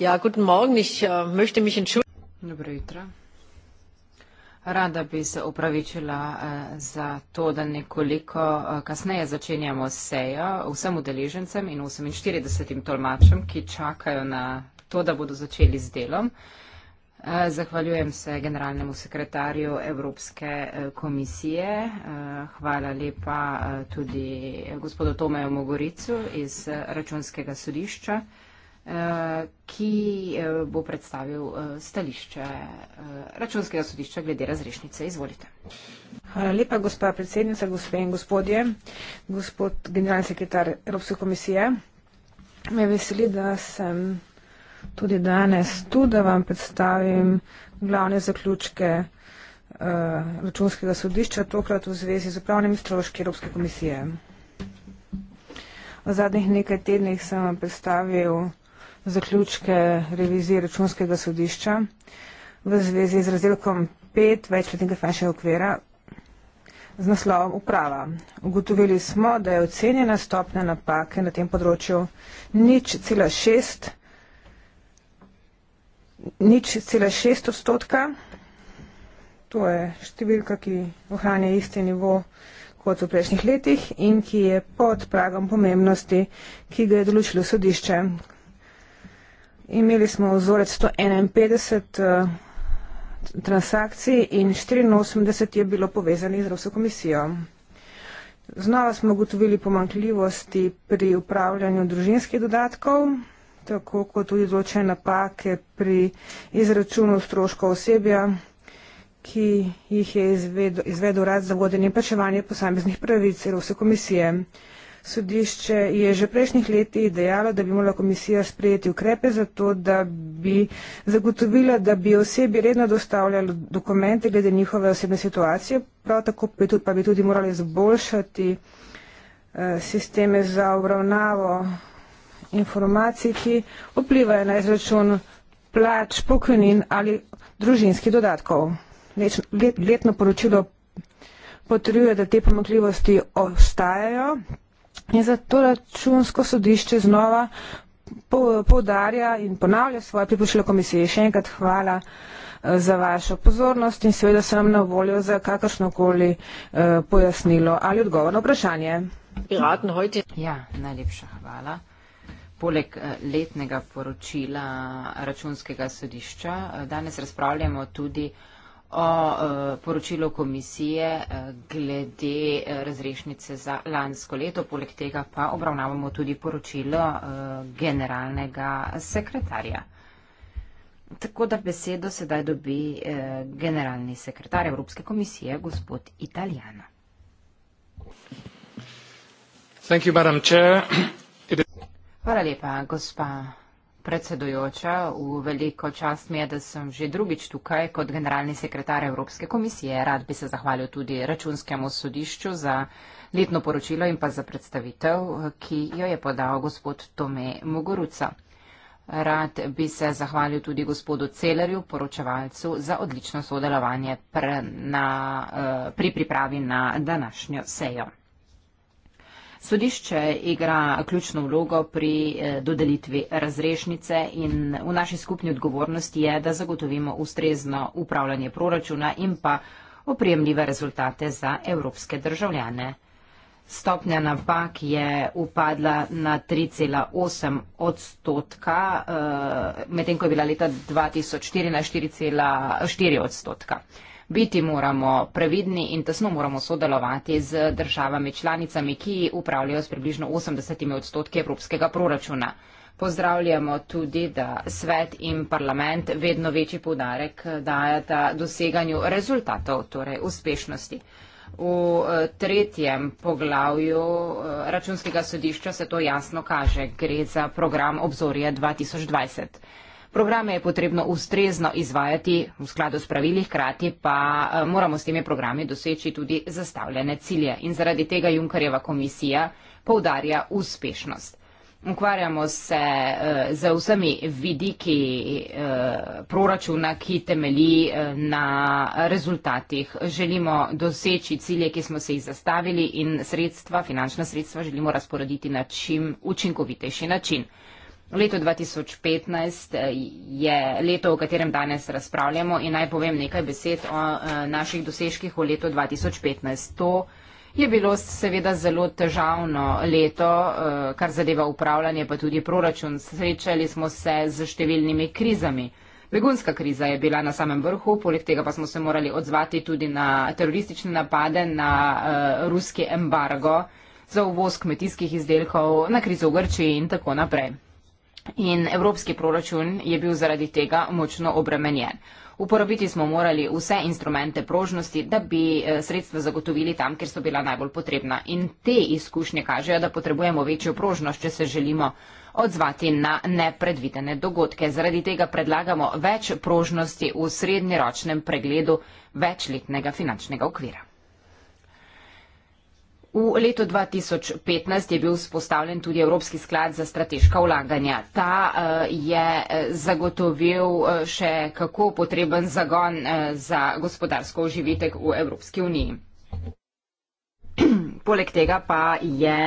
Ja, äh, Dobro jutro. Rada bi se upravičila eh, za to, da nekoliko eh, kasneje začenjamo sejo vsem udeležencem in 48 tolmačem, ki čakajo na to, da bodo začeli z delom. Eh, zahvaljujem se generalnemu sekretarju Evropske komisije. Hvala lepa tudi gospodu Tomeju Mogoricu iz računskega sodišča ki eh, bo predstavil eh, stališče eh, računskega sodišča glede razrešnice. Izvolite. Hvala lepa, gospa predsednica, gospe in gospodje, gospod generalni sekretar Evropske komisije. Me veseli, da sem tudi danes tu, da vam predstavim glavne zaključke računskega sodišča, tokrat v zvezi z upravnimi stroški Evropske komisije. V zadnjih nekaj tednih sem vam predstavil zaključke revizije računskega sodišča v zvezi z razdelkom 5 večletnega finančnega okvira z naslovom Uprava. Ugotovili smo, da je ocenjena stopnja napake na tem področju nič cela šest nič cela šest odstotka, to je številka, ki ohranja isti nivo kot v prejšnjih letih in ki je pod pragom pomembnosti, ki ga je določilo sodišče, Imeli smo vzorec 151 eh, transakcij in 84 je bilo povezanih z Evropsko komisijo. Znova smo ugotovili pomankljivosti pri upravljanju družinskih dodatkov, tako kot tudi določene napake pri izračunu stroškov osebja, ki jih je izvedel rad za vodenje in plačevanje posameznih pravic Evropske komisije. Sodišče je že prejšnjih leti dejalo, da bi morala komisija sprejeti ukrepe za to, da bi zagotovila, da bi osebi redno dostavljali dokumente glede njihove osebne situacije, prav tako pa bi tudi morali zboljšati eh, sisteme za obravnavo informacij, ki vplivajo na izračun plač, pokojnin ali družinskih dodatkov. Letno poročilo potrjuje, da te pomakljivosti ostajajo. In zato računsko sodišče znova povdarja in ponavlja svoje pripočilo komisije. Še enkrat hvala eh, za vašo pozornost in seveda sem na voljo za kakršnokoli eh, pojasnilo ali odgovor na vprašanje. Ja, najlepša hvala. Poleg eh, letnega poročila računskega sodišča danes razpravljamo tudi o e, poročilu komisije e, glede e, razrešnice za lansko leto. Poleg tega pa obravnavamo tudi poročilo generalnega sekretarja. Tako da besedo sedaj dobi generalni sekretar Evropske komisije, gospod Italijana. Hvala lepa, gospa predsedujoča, v veliko čast mi je, da sem že drugič tukaj kot generalni sekretar Evropske komisije. Rad bi se zahvalil tudi računskemu sodišču za letno poročilo in pa za predstavitev, ki jo je podal gospod Tome Mogoruca. Rad bi se zahvalil tudi gospodu Celerju, poročevalcu, za odlično sodelovanje pre, na, eh, pri pripravi na današnjo sejo. Sodišče igra ključno vlogo pri eh, dodelitvi razrešnice in v naši skupni odgovornosti je, da zagotovimo ustrezno upravljanje proračuna in pa opremljive rezultate za evropske državljane. Stopnja napak je upadla na 3,8 odstotka, eh, medtem ko je bila leta 2014 4,4 odstotka biti moramo previdni in tesno moramo sodelovati z državami članicami, ki upravljajo s približno 80 odstotki evropskega proračuna. Pozdravljamo tudi, da svet in parlament vedno večji poudarek dajata doseganju rezultatov, torej uspešnosti. V eh, tretjem poglavju eh, računskega sodišča se to jasno kaže, gre za program obzorje 2020. Programe je potrebno ustrezno izvajati v skladu s pravili, hkrati pa eh, moramo s temi programi doseči tudi zastavljene cilje in zaradi tega Junkarjeva komisija poudarja uspešnost. Ukvarjamo se eh, z vsemi vidiki eh, proračuna, ki temelji na rezultatih. Želimo doseči cilje, ki smo se jih zastavili in sredstva, finančna sredstva želimo razporediti na čim učinkovitejši način. Leto 2015 eh, je leto, o katerem danes razpravljamo in naj povem nekaj besed o eh, naših dosežkih v letu 2015. To je bilo seveda zelo težavno leto, eh, kar zadeva upravljanje, pa tudi proračun. Srečali smo se z številnimi krizami. Begunska kriza je bila na samem vrhu, poleg tega pa smo se morali odzvati tudi na teroristične napade, na ruski embargo za uvoz kmetijskih izdelkov, na krizo v Grčiji in tako naprej. In evropski proračun je bil zaradi tega močno obremenjen. Uporabiti smo morali vse instrumente prožnosti, da bi eh, sredstva zagotovili tam, kjer so bila najbolj potrebna. In te izkušnje kažejo, da potrebujemo večjo prožnost, če se želimo odzvati na nepredvidene dogodke. Zaradi tega predlagamo več prožnosti v srednjeročnem pregledu večletnega finančnega okvira. V letu 2015 je bil vzpostavljen tudi Evropski sklad za strateška vlaganja. Ta eh, je eh, zagotovil eh, še kako potreben zagon za gospodarsko oživitek v Evropski uniji. Poleg tega pa je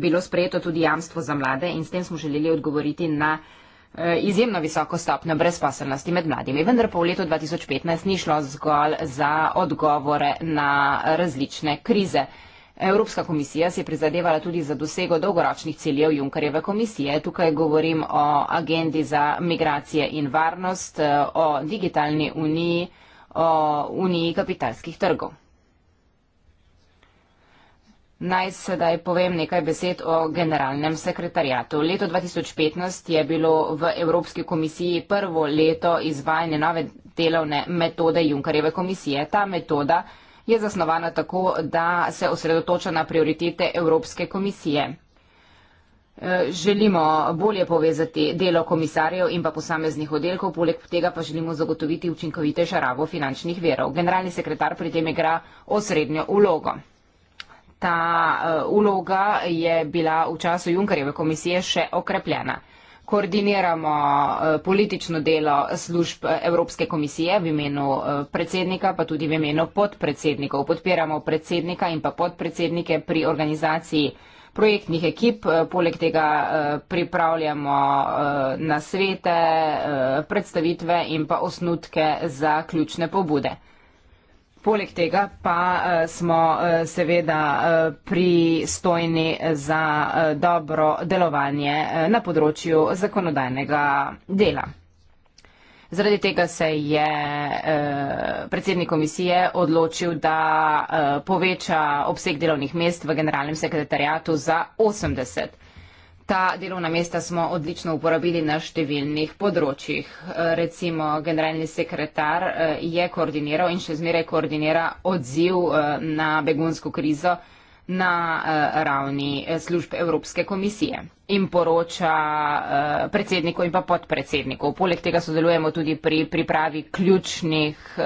bilo sprejeto tudi jamstvo za mlade in s tem smo želeli odgovoriti na izjemno visoko stopno brezposelnosti med mladimi. Vendar pa v letu 2015 ni šlo zgolj za odgovore na različne krize. Evropska komisija si je prizadevala tudi za dosego dolgoračnih ciljev Junkarjeve komisije. Tukaj govorim o agendi za migracije in varnost, o digitalni uniji, o uniji kapitalskih trgov. Naj sedaj povem nekaj besed o generalnem sekretarjatu. Leto 2015 je bilo v Evropski komisiji prvo leto izvajanja nove delovne metode Junkarjeve komisije. Ta metoda je zasnovana tako, da se osredotoča na prioritete Evropske komisije. Eh, želimo bolje povezati delo komisarjev in pa posameznih oddelkov, poleg tega pa želimo zagotoviti učinkovitejša rabo finančnih verov. Generalni sekretar pri tem igra osrednjo ulogo. Ta uh, uloga je bila v času Junkerjeve komisije še okrepljena koordiniramo eh, politično delo služb eh, Evropske komisije v imenu eh, predsednika, pa tudi v imenu podpredsednikov. Podpiramo predsednika in pa podpredsednike pri organizaciji projektnih ekip, poleg tega pripravljamo nasvete, predstavitve in pa osnutke za ključne pobude. Poleg tega pa eh, smo eh, seveda eh, pristojni za dobro delovanje na področju zakonodajnega dela. Zaradi tega se je predsednik komisije odločil, da poveča obseg delovnih mest v generalnem sekretarijatu za 80. Ta delovna mesta smo odlično uporabili na številnih področjih. Recimo, generalni sekretar eh, je koordiniral in še zmeraj koordinira odziv eh, na begunsko krizo na eh, ravni služb Evropske komisije in poroča predsedniku in pa podpredsedniku. Poleg tega sodelujemo tudi pri pripravi ključnih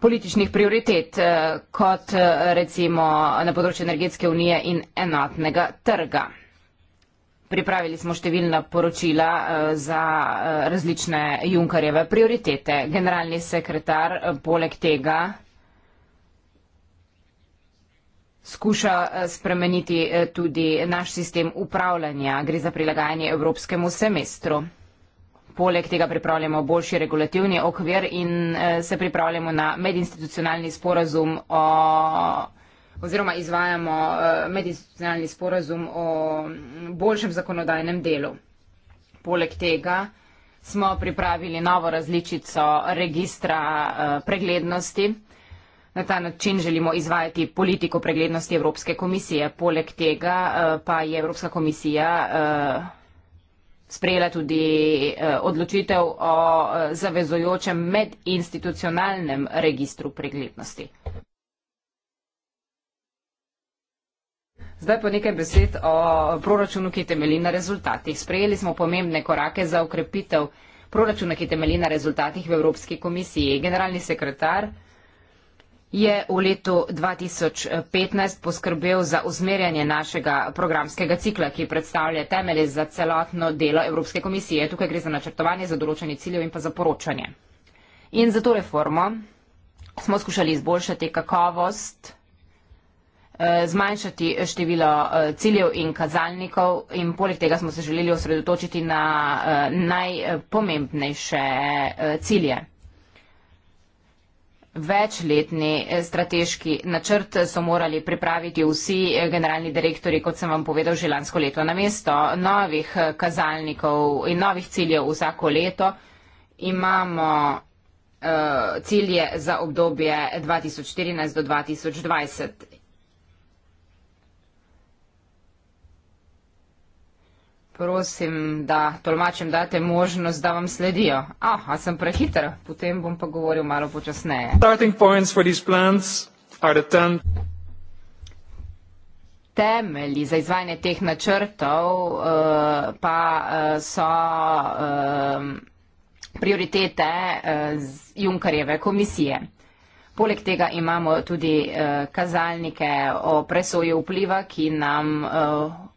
političnih prioritet, kot recimo na področju energetske unije in enotnega trga. Pripravili smo številna poročila eh, za eh, različne Junkarjeve prioritete. Generalni sekretar eh, poleg tega skuša spremeniti tudi naš sistem upravljanja. Gre za prilagajanje evropskemu semestru. Poleg tega pripravljamo boljši regulativni okvir in se pripravljamo na medinstitucionalni sporazum o oziroma izvajamo eh, medinstitucionalni sporazum o mm, boljšem zakonodajnem delu. Poleg tega smo pripravili novo različico registra eh, preglednosti. Na ta način želimo izvajati politiko preglednosti Evropske komisije. Poleg tega eh, pa je Evropska komisija sprejela tudi odločitev o zavezojočem medinstitucionalnem registru preglednosti. Zdaj pa nekaj besed o proračunu, ki temelji na rezultatih. Sprejeli smo pomembne korake za ukrepitev proračuna, ki temelji na rezultatih v Evropski komisiji. Generalni sekretar je v letu 2015 poskrbel za usmerjanje našega programskega cikla, ki predstavlja temelje za celotno delo Evropske komisije. Tukaj gre za načrtovanje, za določanje ciljev in pa za poročanje. In za to reformo smo skušali izboljšati kakovost Eh, zmanjšati število eh, ciljev in kazalnikov in poleg tega smo se želeli osredotočiti na eh, najpomembnejše cilje. Večletni strateški načrt so morali pripraviti vsi generalni direktori, kot sem vam povedal že lansko leto, namesto novih kazalnikov in novih ciljev vsako leto imamo cilje za obdobje 2014 do 2020. prosim, da tolmačem date možnost, da vam sledijo. Ah, a sem prehiter, potem bom pa govoril malo počasneje. Temelji za izvajanje teh načrtov uh, pa uh, so uh, prioritete uh, Junkarjeve komisije. Poleg tega imamo tudi uh, kazalnike o presoji vpliva, ki nam uh,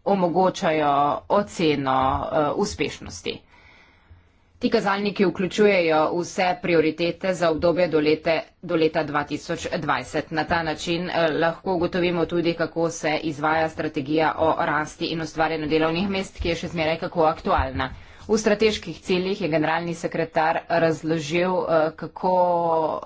omogočajo oceno eh, uspešnosti. Ti kazalniki vključujejo vse prioritete za obdobje do, lete, do leta 2020. Na ta način eh, lahko ugotovimo tudi, kako se izvaja strategija o rasti in ustvarjanju delovnih mest, ki je še zmeraj kako aktualna. V strateških ciljih je generalni sekretar razložil, eh, kako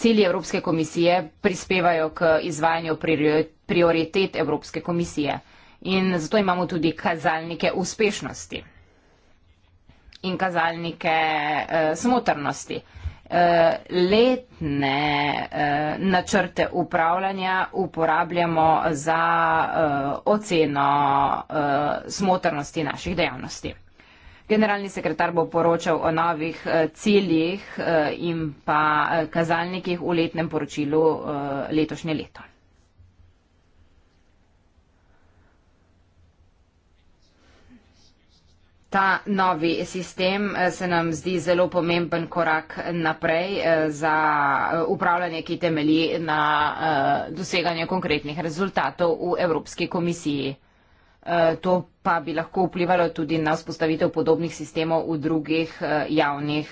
cilji Evropske komisije prispevajo k izvajanju prioritet prioritet Evropske komisije. In zato imamo tudi kazalnike uspešnosti in kazalnike uh, smotrnosti. Eh, letne eh, načrte upravljanja uporabljamo za oceno smotrnosti naših dejavnosti. Generalni sekretar bo poročal o novih ciljih in pa kazalnikih v letnem poročilu letošnje leto. Ta novi sistem eh, se nam zdi zelo pomemben korak eh, naprej eh, za upravljanje, ki temelji na doseganje konkretnih rezultatov v Evropski komisiji. To pa bi lahko vplivalo tudi na vzpostavitev podobnih sistemov v drugih javnih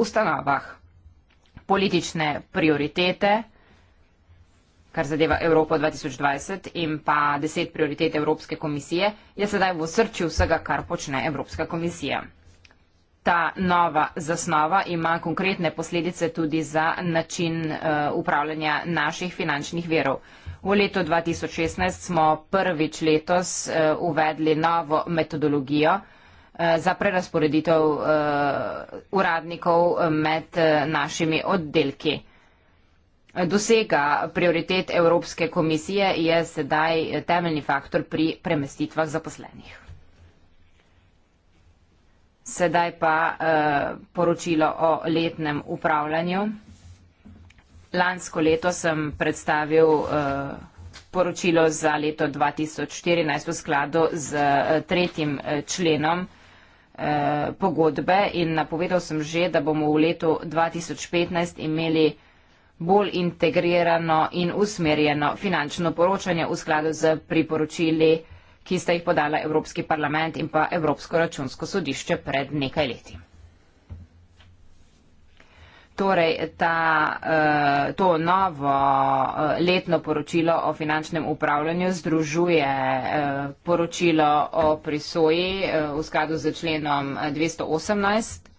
ustanovah. Politične prioritete kar zadeva Evropo 2020 in pa deset prioritet Evropske komisije, je sedaj v srču vsega, kar počne Evropska komisija. Ta nova zasnova ima konkretne posledice tudi za način uh, upravljanja naših finančnih verov. V letu 2016 smo prvič letos uh, uvedli novo metodologijo uh, za prerasporeditev uh, uradnikov med uh, našimi oddelki. Uh, dosega prioritet Evropske komisije, je sedaj temeljni faktor pri premestitvah zaposlenih. Sedaj pa eh, poročilo o letnem upravljanju. Lansko leto sem predstavil eh, poročilo za leto 2014 v skladu z eh, tretjim eh, členom eh, pogodbe in napovedal sem že, da bomo v letu 2015 imeli bolj integrirano in usmerjeno finančno poročanje v skladu z priporočili, ki sta jih podala Evropski parlament in pa Evropsko računsko sodišče pred nekaj leti. Torej, ta, eh, to novo eh, letno poročilo o finančnem upravljanju združuje eh, poročilo o prisoji v skladu z členom 218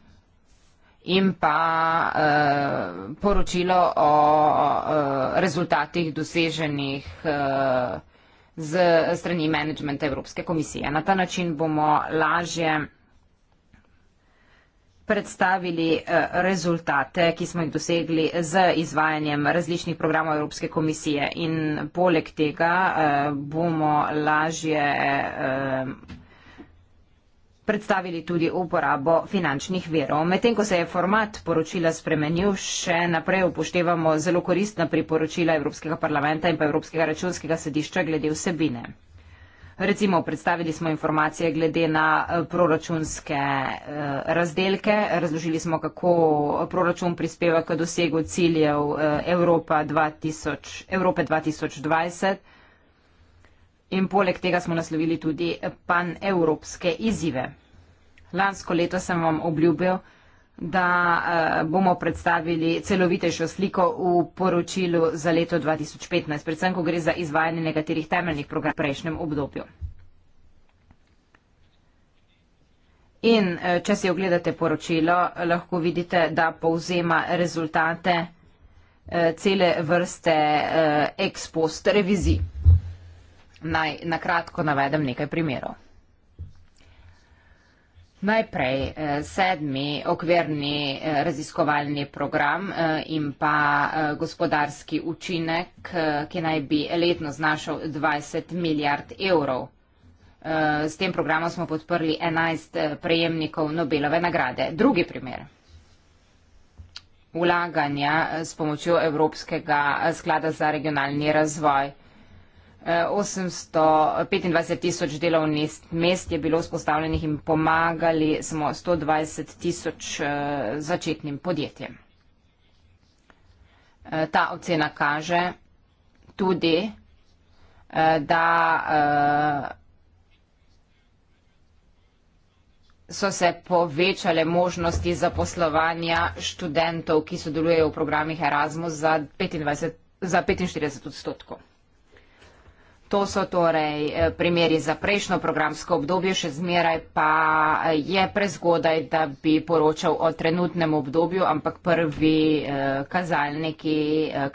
in pa uh, poročilo o uh, rezultatih doseženih uh, z strani menedžmenta Evropske komisije. Na ta način bomo lažje predstavili eh, rezultate, ki smo jih dosegli z izvajanjem različnih programov Evropske komisije in poleg tega bomo lažje predstavili tudi uporabo finančnih verov. Medtem, ko se je format poročila spremenil, še naprej upoštevamo zelo koristna priporočila Evropskega parlamenta in pa Evropskega računskega sedišča glede vsebine. Recimo, predstavili smo informacije glede na eh, proračunske eh, razdelke, razložili smo, kako proračun prispeva k dosegu ciljev eh, Evrope 2020. In poleg tega smo naslovili tudi panevropske izzive. Lansko leto sem vam obljubil, da eh, bomo predstavili celovitejšo sliko v poročilu za leto 2015, predvsem, ko gre za izvajanje nekaterih temeljnih programov v prejšnjem obdobju. In eh, če si ogledate poročilo, lahko vidite, da povzema rezultate eh, cele vrste ex post revizij. Naj na kratko navedem nekaj primerov. Najprej eh, sedmi okvirni eh, raziskovalni program eh, in pa gospodarski učinek, ki naj bi letno znašal 20 milijard evrov. S tem programom smo podprli 11 prejemnikov Nobelove nagrade. Drugi primer. Vlaganja s pomočjo Evropskega sklada za regionalni razvoj. 825 tisoč delovnih mest je bilo vzpostavljenih in pomagali smo 120 tisoč eh, začetnim podjetjem. Eh, ta ocena kaže tudi, eh, da so se povečale možnosti zaposlovanja študentov, ki sodelujejo v programih Erasmus za, 25, za 45 odstotkov. To so torej eh, primeri za prejšnjo programsko obdobje, še zmeraj pa eh, je prezgodaj, da bi poročal o trenutnem obdobju, ampak prvi eh, kazalniki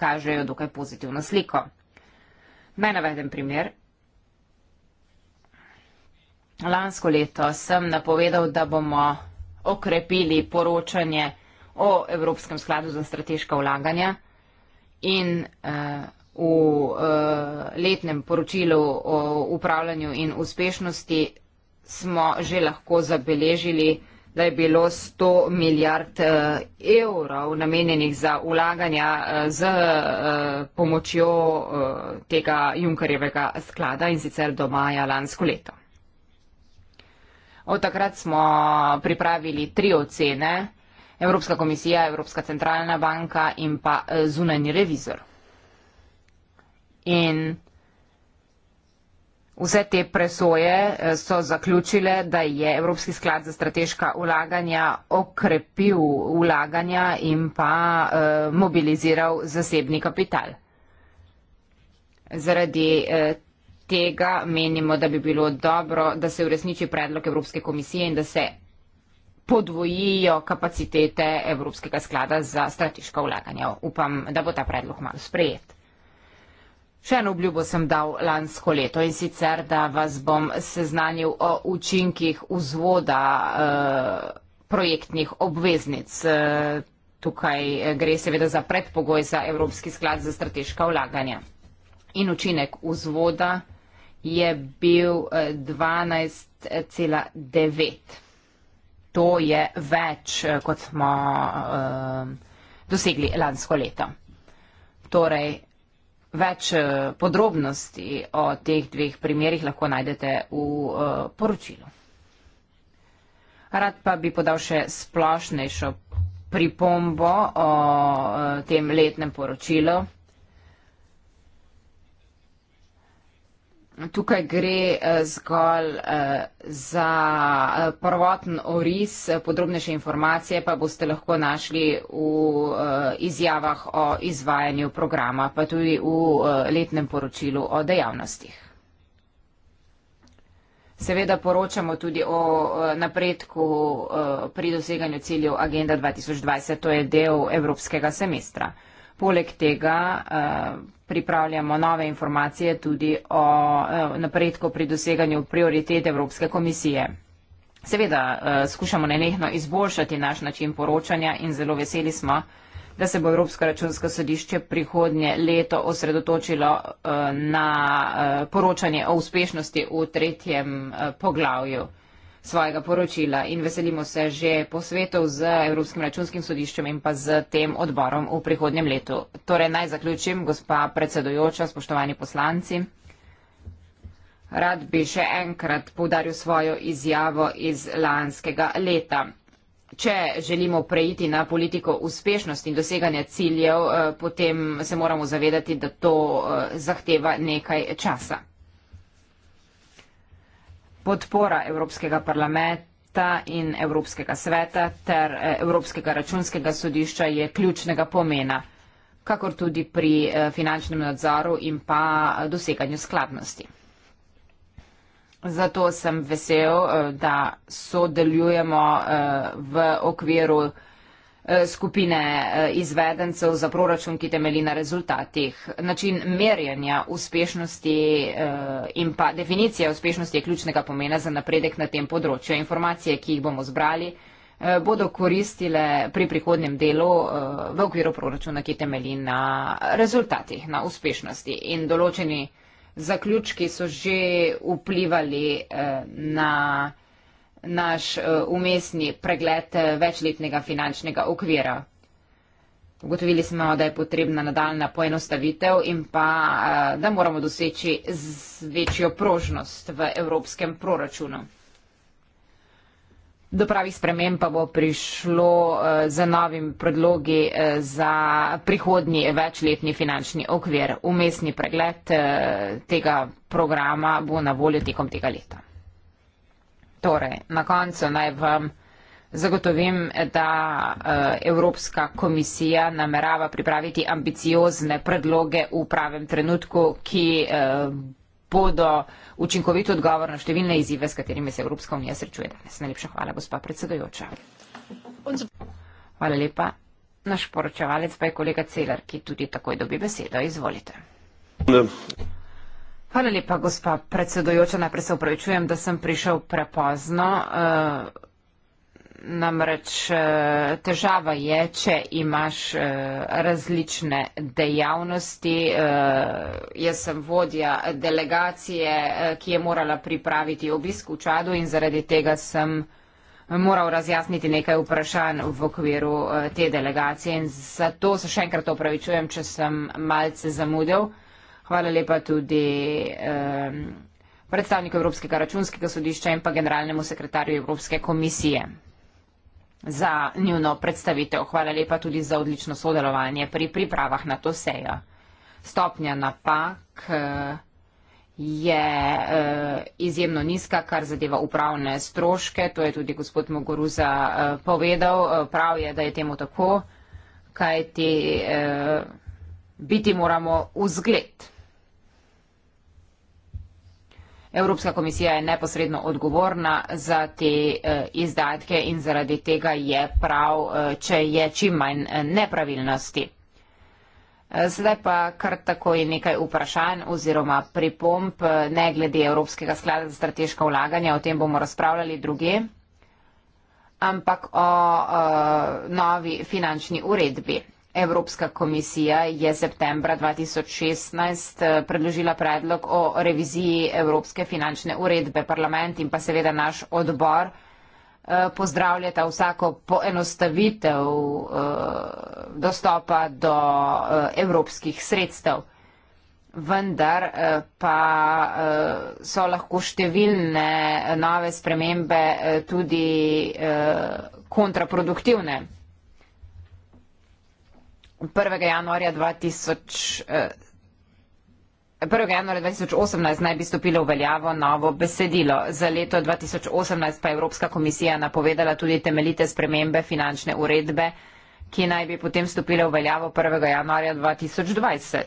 kažejo dokaj pozitivno sliko. Naj navedem primer. Lansko leto sem napovedal, da bomo okrepili poročanje o Evropskem skladu za strateška vlaganja in. Uh, v uh, letnem poročilu o upravljanju in uspešnosti smo že lahko zabeležili, da je bilo 100 milijard eh, evrov namenjenih za ulaganja eh, z pomočjo tega Junkarjevega sklada in sicer do maja lansko leto. Od takrat smo pripravili tri ocene, Evropska komisija, Evropska centralna banka in pa zunanji revizor. In vse te presoje eh, so zaključile, da je Evropski sklad za strateška ulaganja okrepil ulaganja in pa eh, mobiliziral zasebni kapital. Zaradi eh, tega menimo, da bi bilo dobro, da se uresniči predlog Evropske komisije in da se podvojijo kapacitete Evropskega sklada za strateška ulaganja. Upam, da bo ta predlog malo sprejet. Še eno obljubo sem dal lansko leto in sicer, da vas bom seznanil o učinkih vzvoda eh, projektnih obveznic. Eh, tukaj eh, gre seveda za predpogoj za Evropski sklad za strateška vlaganja. In učinek vzvoda je bil 12,9. Eh, to je več, eh, kot smo eh, dosegli lansko leto. Torej, Več eh, podrobnosti o teh dveh primerjih lahko najdete v eh, poročilu. Rad pa bi podal še splošnejšo pripombo o eh, tem letnem poročilu. Tukaj gre eh, zgolj eh, za eh, prvoten oris, podrobnejše informacije pa boste lahko našli v izjavah o izvajanju programa, pa tudi v letnem poročilu o dejavnostih. Seveda poročamo tudi o napredku pri doseganju ciljev Agenda 2020, to je del evropskega semestra. Poleg tega eh, pripravljamo nove informacije tudi o eh, napredku pri doseganju prioritete Evropske komisije. Seveda eh, skušamo nenehno izboljšati naš način poročanja in zelo veseli smo, da se bo Evropsko računsko sodišče prihodnje leto osredotočilo na poročanje o uspešnosti v tretjem poglavju svojega poročila in veselimo se že posvetov z Evropskim računskim sodiščem in pa z tem odborom v prihodnjem letu. Torej naj zaključim, gospa predsedojoča, spoštovani poslanci. Rad bi še enkrat povdaril svojo izjavo iz lanskega leta. Če želimo preiti na politiko uspešnosti in doseganja ciljev, eh, potem se moramo zavedati, da to eh, zahteva nekaj časa podpora Evropskega parlamenta in Evropskega sveta ter eh, Evropskega računskega sodišča je ključnega pomena, kakor tudi pri eh, finančnem nadzoru in pa doseganju skladnosti. Zato sem vesel, eh, da sodelujemo v okviru Eh, skupine eh, izvedencev za proračun, ki temeli na rezultatih. Način merjanja uspešnosti eh, in pa definicija uspešnosti je ključnega pomena za napredek na tem področju. Informacije, ki jih bomo zbrali, bodo koristile pri prihodnem delu v okviru proračuna, ki temeli na rezultatih, na uspešnosti. In določeni zaključki so že vplivali na naš eh, umestni pregled eh, večletnega finančnega okvira. Ugotovili smo, da je potrebna nadaljna poenostavitev in pa, eh, da moramo doseči večjo prožnost v evropskem proračunu. Do pravih sprememb pa bo prišlo z novim predlogi za prihodnji večletni finančni okvir. Umestni pregled tega programa bo na voljo tekom tega leta. Torej, na koncu naj vam zagotovim, da e, Evropska komisija namerava pripraviti ambiciozne predloge v pravem trenutku, ki e, bodo učinkovit odgovor na številne izzive, s katerimi se Evropska unija srečuje danes. Najlepša hvala, gospa predsedojoča. Hvala lepa. Naš poročevalec pa je kolega Celer, ki tudi takoj dobi besedo. Izvolite. Ne. Hvala lepa, gospa predsedojoča. Najprej se upravičujem, da sem prišel prepozno. Eh, namreč eh, težava je, če imaš eh, različne dejavnosti. Jaz sem vodja delegacije, ki je morala pripraviti obisk v Čadu in zaradi tega sem moral razjasniti nekaj vprašanj v okviru te delegacije in zato se še enkrat opravičujem, če sem malce zamudil. Hvala lepa tudi um, predstavniku Evropskega računskega sodišča in pa generalnemu sekretarju Evropske komisije za njuno predstavitev. Hvala lepa tudi za odlično sodelovanje pri pripravah na to sejo. Stopnja napak eh, je eh, izjemno nizka, kar zadeva upravne stroške. To je tudi gospod Mogoruza eh, povedal. Prav je, da je temu tako, kajti biti moramo v zgled. Evropska komisija je neposredno odgovorna za te eh, izdatke in zaradi tega je prav, eh, če je čim manj eh, nepravilnosti. Zdaj pa kar tako je nekaj vprašanj oziroma pripomp, ne glede Evropskega sklada za strateška vlaganja, o tem bomo razpravljali druge, ampak o, o novi finančni uredbi. Evropska komisija je septembra 2016 eh, predložila predlog o reviziji Evropske finančne uredbe. Parlament in pa seveda naš odbor eh, pozdravljata vsako poenostavitev eh, dostopa do evropskih sredstev. Vendar pa so lahko številne nove spremembe tudi kontraproduktivne. 1. januarja 2000. Eh, 1. januarja 2018 naj bi stopilo v veljavo novo besedilo. Za leto 2018 pa je Evropska komisija napovedala tudi temeljite spremembe finančne uredbe, ki naj bi potem stopile v veljavo 1. januarja 2020.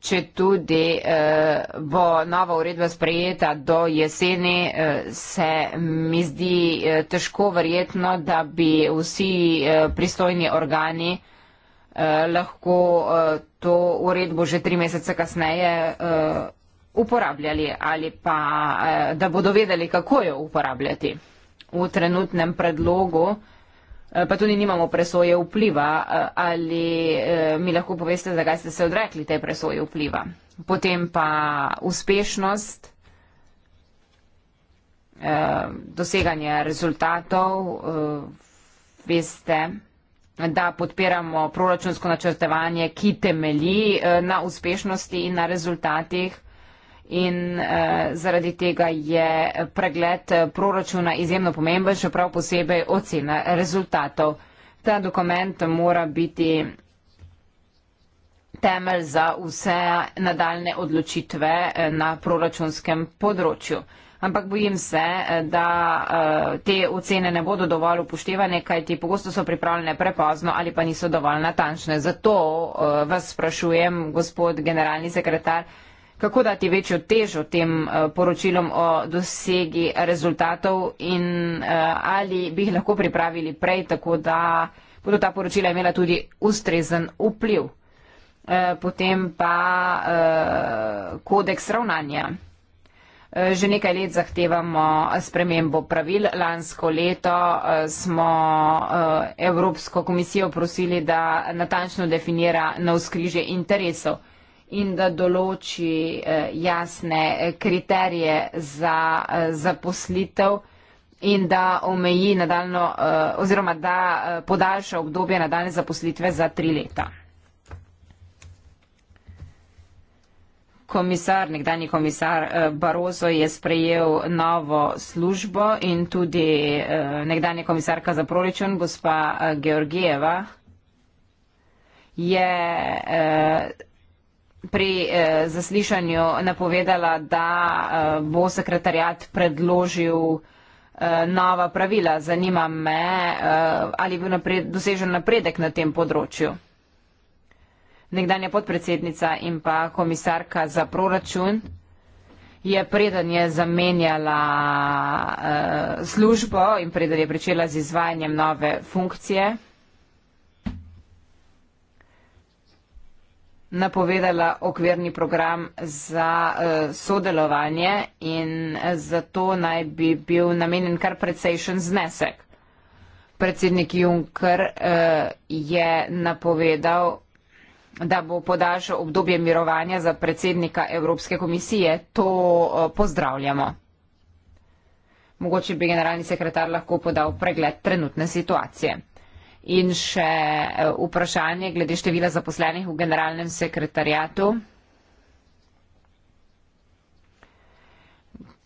Če tudi eh, bo nova uredba sprejeta do jeseni, eh, se mi zdi eh, težko verjetno, da bi vsi eh, pristojni organi eh, Eh, lahko eh, to uredbo že tri mesece kasneje eh, uporabljali ali pa da bodo vedeli, kako jo uporabljati. V trenutnem predlogu pa tudi nimamo presoje vpliva ali mi lahko poveste, zakaj ste se odrekli te presoje vpliva. Potem pa uspešnost doseganja rezultatov, veste, da podpiramo proračunsko načrtevanje, ki temelji eh, na uspešnosti in na rezultatih. In eh, zaradi tega je pregled eh, proračuna izjemno pomemben, še prav posebej ocena rezultatov. Ta dokument mora biti temelj za vse nadaljne odločitve eh, na proračunskem področju ampak bojim se, eh, da eh, te ocene ne bodo dovolj upoštevane, kajti pogosto so pripravljene prepozno ali pa niso dovolj natančne. Zato eh, vas sprašujem, gospod generalni sekretar, kako dati večjo težo tem poročilom o dosegi rezultatov in ali bi jih lahko pripravili prej, tako da bodo ta poročila imela tudi ustrezen vpliv. Potem pa kodeks ravnanja. Eh, že nekaj let zahtevamo spremembo pravil. Lansko leto eh, smo eh, Evropsko komisijo prosili, da natančno definira nov skrižje interesov in da določi jasne kriterije za zaposlitev in da omeji nadaljno oziroma da podaljša obdobje nadaljne zaposlitve za tri leta. komisar, nekdani komisar eh, Barozo je sprejel novo službo in tudi eh, nekdani komisarka za proračun, gospa eh, Georgijeva, je pri zaslišanju napovedala, da bo sekretarjat predložil nova pravila. Zanima me, ali bo napred, dosežen napredek na tem področju nekdanja podpredsednica in pa komisarka za proračun, je preden je zamenjala uh, službo in preden je pričela z izvajanjem nove funkcije, napovedala okvirni program za uh, sodelovanje in zato naj bi bil namenjen kar precejšen znesek. Predsednik Juncker uh, je napovedal, da bo podaljšal obdobje mirovanja za predsednika Evropske komisije. To eh, pozdravljamo. Mogoče bi generalni sekretar lahko podal pregled trenutne situacije. In še eh, vprašanje glede števila zaposlenih v generalnem sekretarjatu.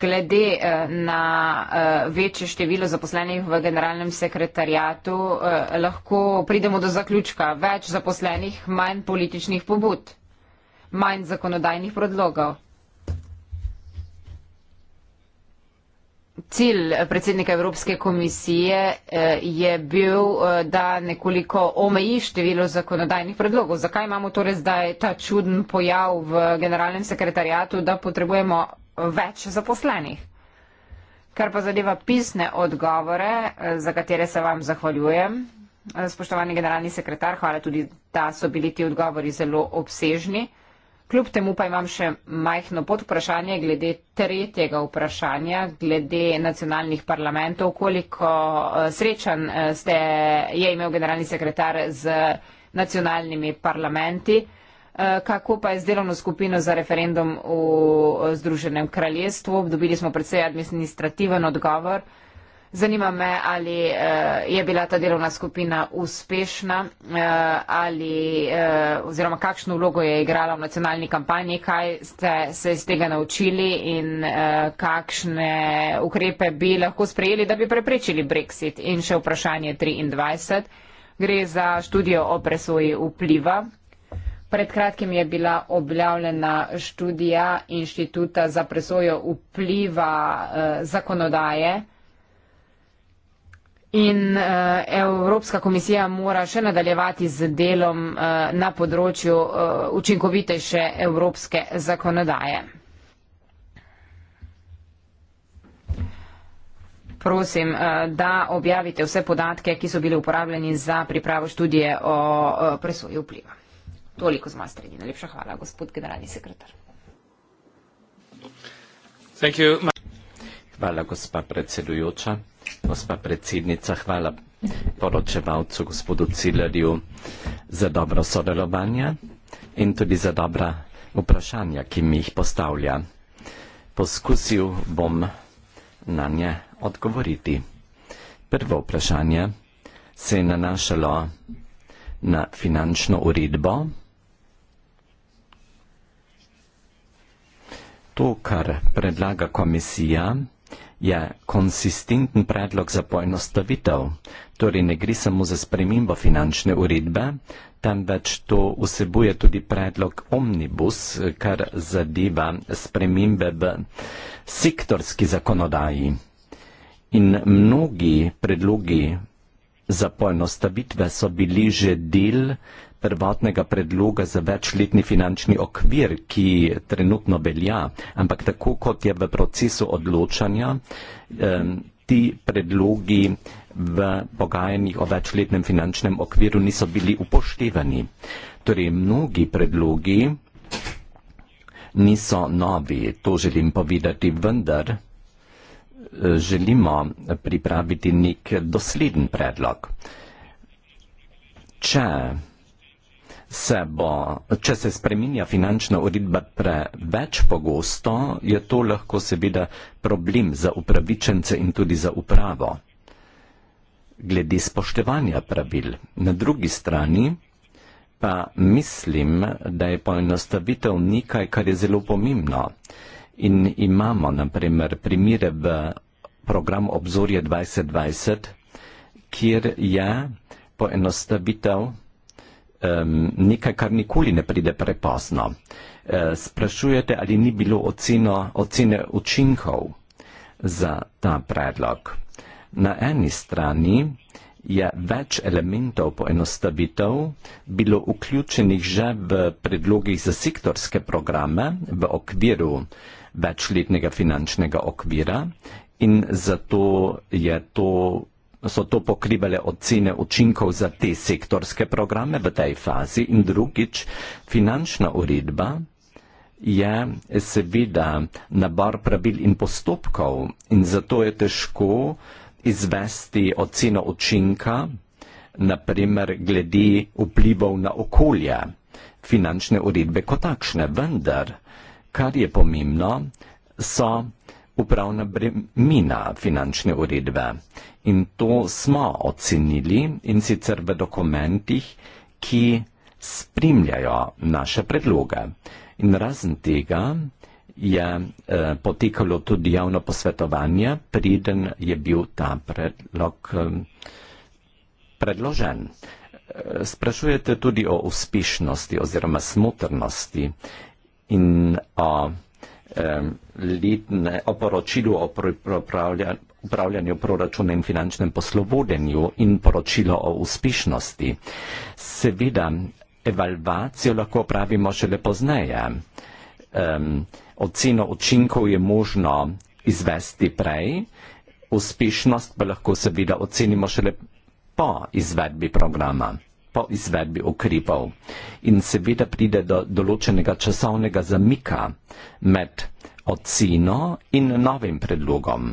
Glede eh, na eh, večje število zaposlenih v generalnem sekretarijatu eh, lahko pridemo do zaključka več zaposlenih, manj političnih pobud, manj zakonodajnih predlogov. Cilj predsednika Evropske komisije je bil, da nekoliko omeji število zakonodajnih predlogov. Zakaj imamo torej zdaj ta čuden pojav v generalnem sekretarijatu, da potrebujemo več zaposlenih. Kar pa zadeva pisne odgovore, eh, za katere se vam zahvaljujem. Eh, spoštovani generalni sekretar, hvala tudi, da so bili ti odgovori zelo obsežni. Kljub temu pa imam še majhno podvprašanje glede tretjega vprašanja, glede nacionalnih parlamentov. Koliko eh, srečan ste, je imel generalni sekretar z nacionalnimi parlamenti? Eh, kako pa je z delovno skupino za referendum v eh, Združenem kraljestvu? Dobili smo predvsej administrativen odgovor. Zanima me, ali eh, je bila ta delovna skupina uspešna ali, oziroma kakšno vlogo je igrala v nacionalni kampanji, kaj ste se iz tega naučili in kakšne ukrepe bi lahko sprejeli, da bi preprečili Brexit. In še vprašanje 23. Gre za študijo o presoji vpliva Pred kratkim je bila objavljena študija inštituta za presojo vpliva eh, zakonodaje in eh, Evropska komisija mora še nadaljevati z delom eh, na področju eh, učinkovitejše evropske zakonodaje. Prosim, eh, da objavite vse podatke, ki so bili uporabljeni za pripravo študije o eh, presoji vpliva. Toliko z moje strani. Najlepša hvala, gospod generalni sekretar. Hvala, gospa predsedujoča. Gospa predsednica, hvala poročevalcu, gospodu Cilerju, za dobro sodelovanje in tudi za dobra vprašanja, ki mi jih postavlja. Poskusil bom na nje odgovoriti. Prvo vprašanje se je nanašalo na finančno uredbo, ki je nanašalo to, kar predlaga komisija, je konsistenten predlog za poenostavitev. Torej ne gre samo za spremembo finančne uredbe, temveč to vsebuje tudi predlog omnibus, kar zadeva spremembe v sektorski zakonodaji. In mnogi predlogi za poenostavitve so bili že del prvotnega predloga za večletni finančni okvir, ki trenutno velja, ampak tako kot je v procesu odločanja, ti predlogi v pogajanjih o večletnem finančnem okviru niso bili upoštevani. Torej, mnogi predlogi niso novi, to želim povedati, vendar e, želimo pripraviti nek dosleden predlog. Če se bo, če se spreminja finančna uredba preveč pogosto, je to lahko seveda problem za upravičence in tudi za upravo. Glede spoštevanja pravil. Na drugi strani pa mislim, da je poenostavitev nekaj, kar je zelo pomembno. In imamo, naprimer, primire v program obzorje 2020, kjer je poenostavitev nekaj, kar nikoli ne pride prepozno. Sprašujete, ali ni bilo oceno, ocene učinkov za ta predlog. Na eni strani je več elementov poenostavitev bilo vključenih že v predlogih za sektorske programe v okviru večletnega finančnega okvira in zato je to so to pokrivale ocene učinkov za te sektorske programe v tej fazi in drugič, finančna uredba je seveda nabor pravil in postopkov in zato je težko izvesti oceno učinka, naprimer glede vplivov na okolje finančne uredbe kot takšne, vendar, kar je pomembno, so upravna bremena finančne uredbe. In to smo ocenili in sicer v dokumentih, ki spremljajo naše predloge. In razen tega je eh, potekalo tudi javno posvetovanje, preden je bil ta predlog eh, predložen. Eh, sprašujete tudi o uspešnosti oziroma smotrnosti in o eh, eh, letne poročilo o upravljanju proračuna in finančnem poslovodenju in poročilo o uspešnosti. Seveda, evalvacijo lahko pravimo šele poznaje. Eh, oceno učinkov je možno izvesti prej, uspešnost pa lahko seveda ocenimo šele po izvedbi programa po izvedbi ukrepov. In seveda pride do določenega časovnega zamika med oceno in novim predlogom.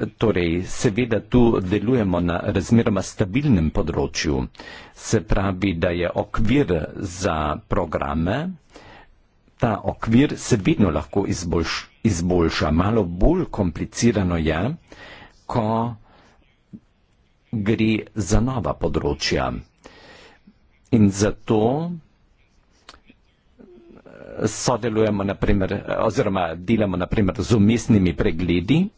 Torej, seveda tu delujemo na razmeroma stabilnem področju. Se pravi, da je okvir za programe, ta okvir se vedno lahko izboljš, izboljša. Malo bolj komplicirano je, ko gre za nova področja. In zato eh, sodelujemo naprimer, oziroma delamo naprimer z umestnimi pregledi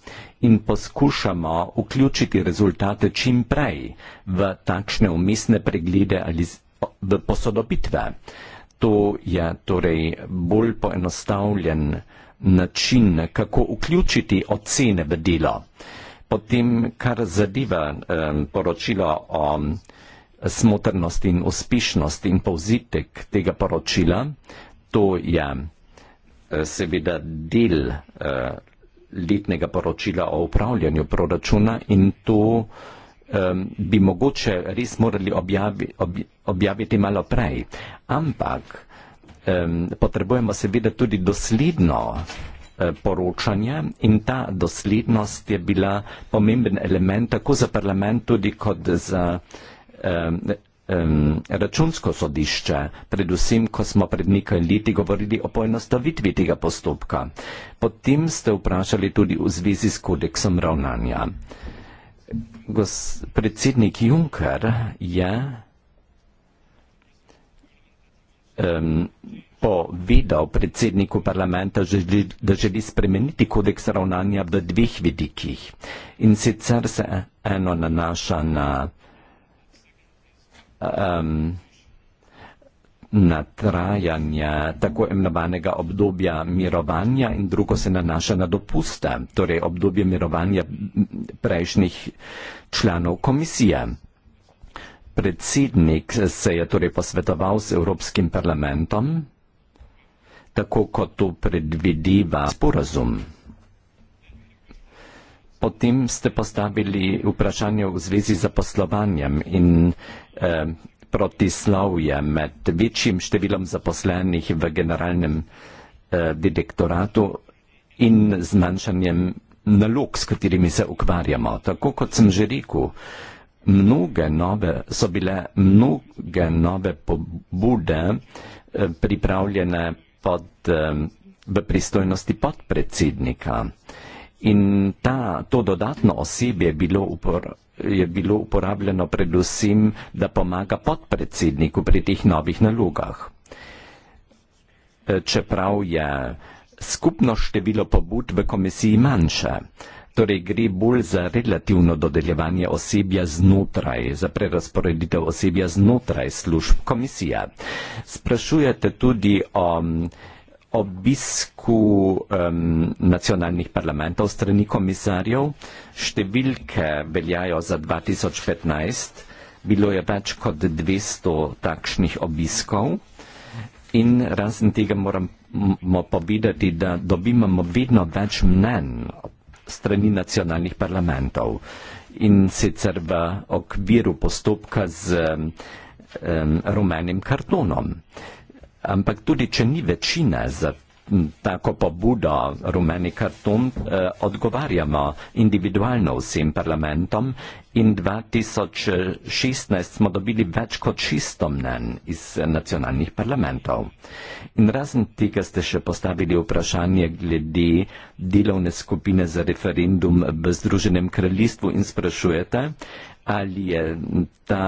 in poskušamo vključiti rezultate čim prej v takšne umestne preglede ali v posodobitve. To je torej bolj poenostavljen način, kako vključiti ocene v delo. Uh, potem, kar zadeva eh, poročilo o smotrnosti in uspešnosti in povzitek tega poročila, to je e, seveda del eh, letnega poročila o upravljanju proračuna in to eh, bi mogoče res morali objavi, ob, objaviti malo prej. Ampak eh, potrebujemo seveda tudi dosledno eh, Eh, poročanje in ta doslednost je bila pomemben element tako za parlament, tudi kot za um, um, računsko sodišče, predvsem, ko smo pred nekaj leti govorili o poenostavitvi tega postopka. Potem ste vprašali tudi v zvezi s kodeksom ravnanja. Gos, predsednik Juncker je um, po videl predsedniku parlamenta želi, da želi spremeniti kodeks ravnanja v dveh vidikih. In sicer se eno nanaša na, um, na trajanje tako imenovanega obdobja mirovanja in drugo se nanaša na dopuste, torej obdobje mirovanja prejšnjih članov komisije. Predsednik se je torej posvetoval s Evropskim parlamentom tako kot to predvideva sporazum. Potem ste postavili vprašanje v zvezi z poslovanjem in eh, protislavje med večjim številom zaposlenih v generalnem eh, direktoratu in zmanjšanjem nalog, s katerimi se ukvarjamo. Tako kot sem že rekel, mnoge nove, so bile mnoge nove pobude eh, pripravljene pod, v pristojnosti podpredsednika. In ta, to dodatno osebje je bilo, upor, je bilo uporabljeno predvsem, da pomaga podpredsedniku pri teh novih nalogah. E, čeprav je skupno število pobud v komisiji manjše, Torej gre bolj za relativno dodeljevanje osebja znotraj, za prerasporeditev osebja znotraj služb komisija. Sprašujete tudi o obisku um, nacionalnih parlamentov strani komisarjev. Številke veljajo za 2015, bilo je več kot 200 takšnih obiskov in razen tega moramo povedati, da dobimo vedno več mnen strani nacionalnih parlamentov in sicer v okviru postopka z um, rumenim kartonom. Ampak tudi, če ni večine za tako pobudo rumeni kartum eh, odgovarjamo individualno vsem parlamentom in 2016 smo dobili več kot 600 mnen iz nacionalnih parlamentov. In razen tega ste še postavili vprašanje glede delovne skupine za referendum v Združenem kraljestvu in sprašujete, ali je ta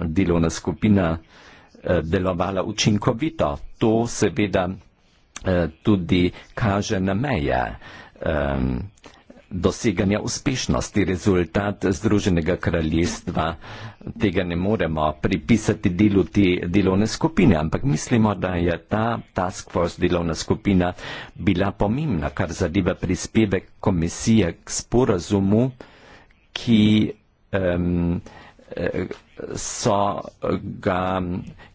delovna skupina eh, delovala učinkovito. To seveda Eh, tudi kaže na meje um, doseganja uspešnosti. Rezultat Združenega kraljestva tega ne moremo pripisati delu te delovne skupine, ampak mislimo, da je ta task force delovna skupina bila pomembna, kar zadeva prispevek komisije k sporazumu, ki um, so ga,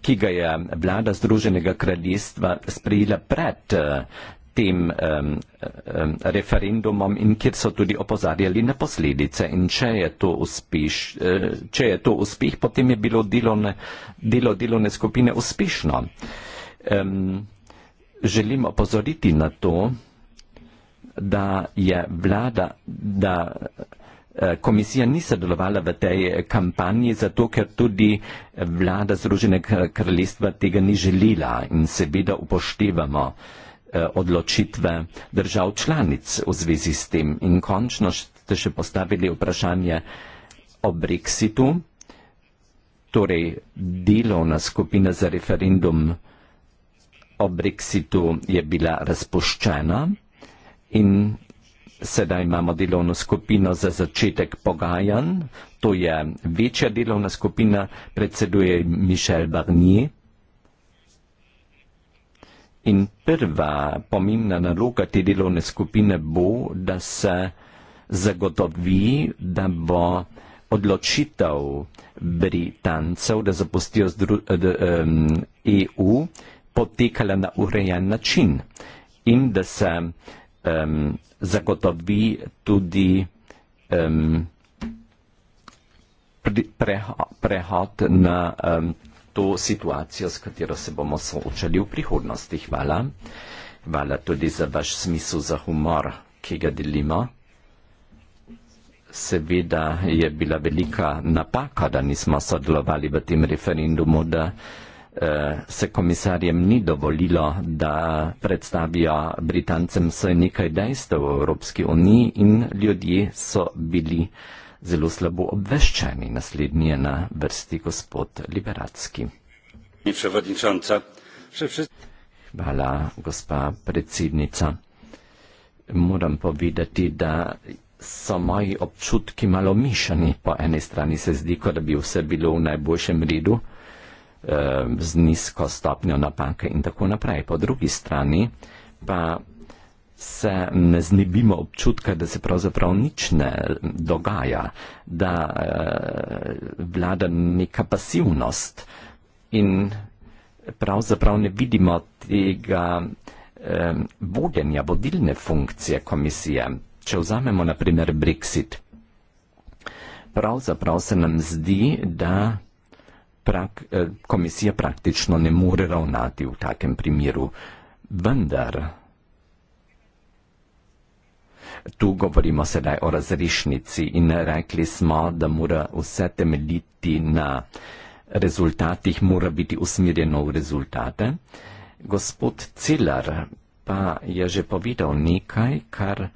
ki ga je vlada Združenega kraljestva sprejela pred eh, tem um, um, referendumom in kjer so tudi opozarjali na posledice. In če je to, uspeš, uh, če je to uspeh, potem je bilo delone, delo delovne skupine uspešno. Um, želim opozoriti na to, da je vlada, da Eh, komisija ni sodelovala v tej kampanji, zato ker tudi vlada Združenega kraljestva tega ni želila in seveda upoštevamo eh, odločitve držav članic v zvezi s tem. In končno ste še postavili vprašanje o Brexitu, torej delovna skupina za referendum o Brexitu je bila razpoščena in Sedaj imamo delovno skupino za začetek pogajanj, to je večja delovna skupina, predseduje Mišel Barnier. In prva pomembna naloga te delovne skupine bo, da se zagotovi, da bo odločitev Britancev, da zapustijo EU, e potekala na urejen način in da se um, zagotovi tudi um, preha, prehod na um, to situacijo, s katero se bomo soočali v prihodnosti. Hvala. Hvala tudi za vaš smisel za humor, ki ga delimo. Seveda je bila velika napaka, da nismo sodelovali v tem referendumu, da Eh, se komisarjem ni dovolilo, da predstavijo Britancem vsaj nekaj dejstev v Evropski uniji in ljudje so bili zelo slabo obveščeni. Naslednji je na vrsti gospod Liberacki. Hvala, gospa predsednica. Moram povedati, da so moji občutki malo mišani. Po eni strani se zdi, kot da bi vse bilo v najboljšem redu z nizko stopnjo napake in tako naprej. Po drugi strani pa se ne znebimo občutka, da se pravzaprav nič ne dogaja, da eh, vlada neka pasivnost in pravzaprav ne vidimo tega eh, vodenja, vodilne funkcije komisije. Če vzamemo naprimer Brexit, pravzaprav se nam zdi, da prak, eh, komisija praktično ne more ravnati v takem primeru. Vendar. Tu govorimo sedaj o razrešnici in rekli smo, da mora vse temeljiti na rezultatih, mora biti usmerjeno v rezultate. Gospod Celar pa je že povedal nekaj, kar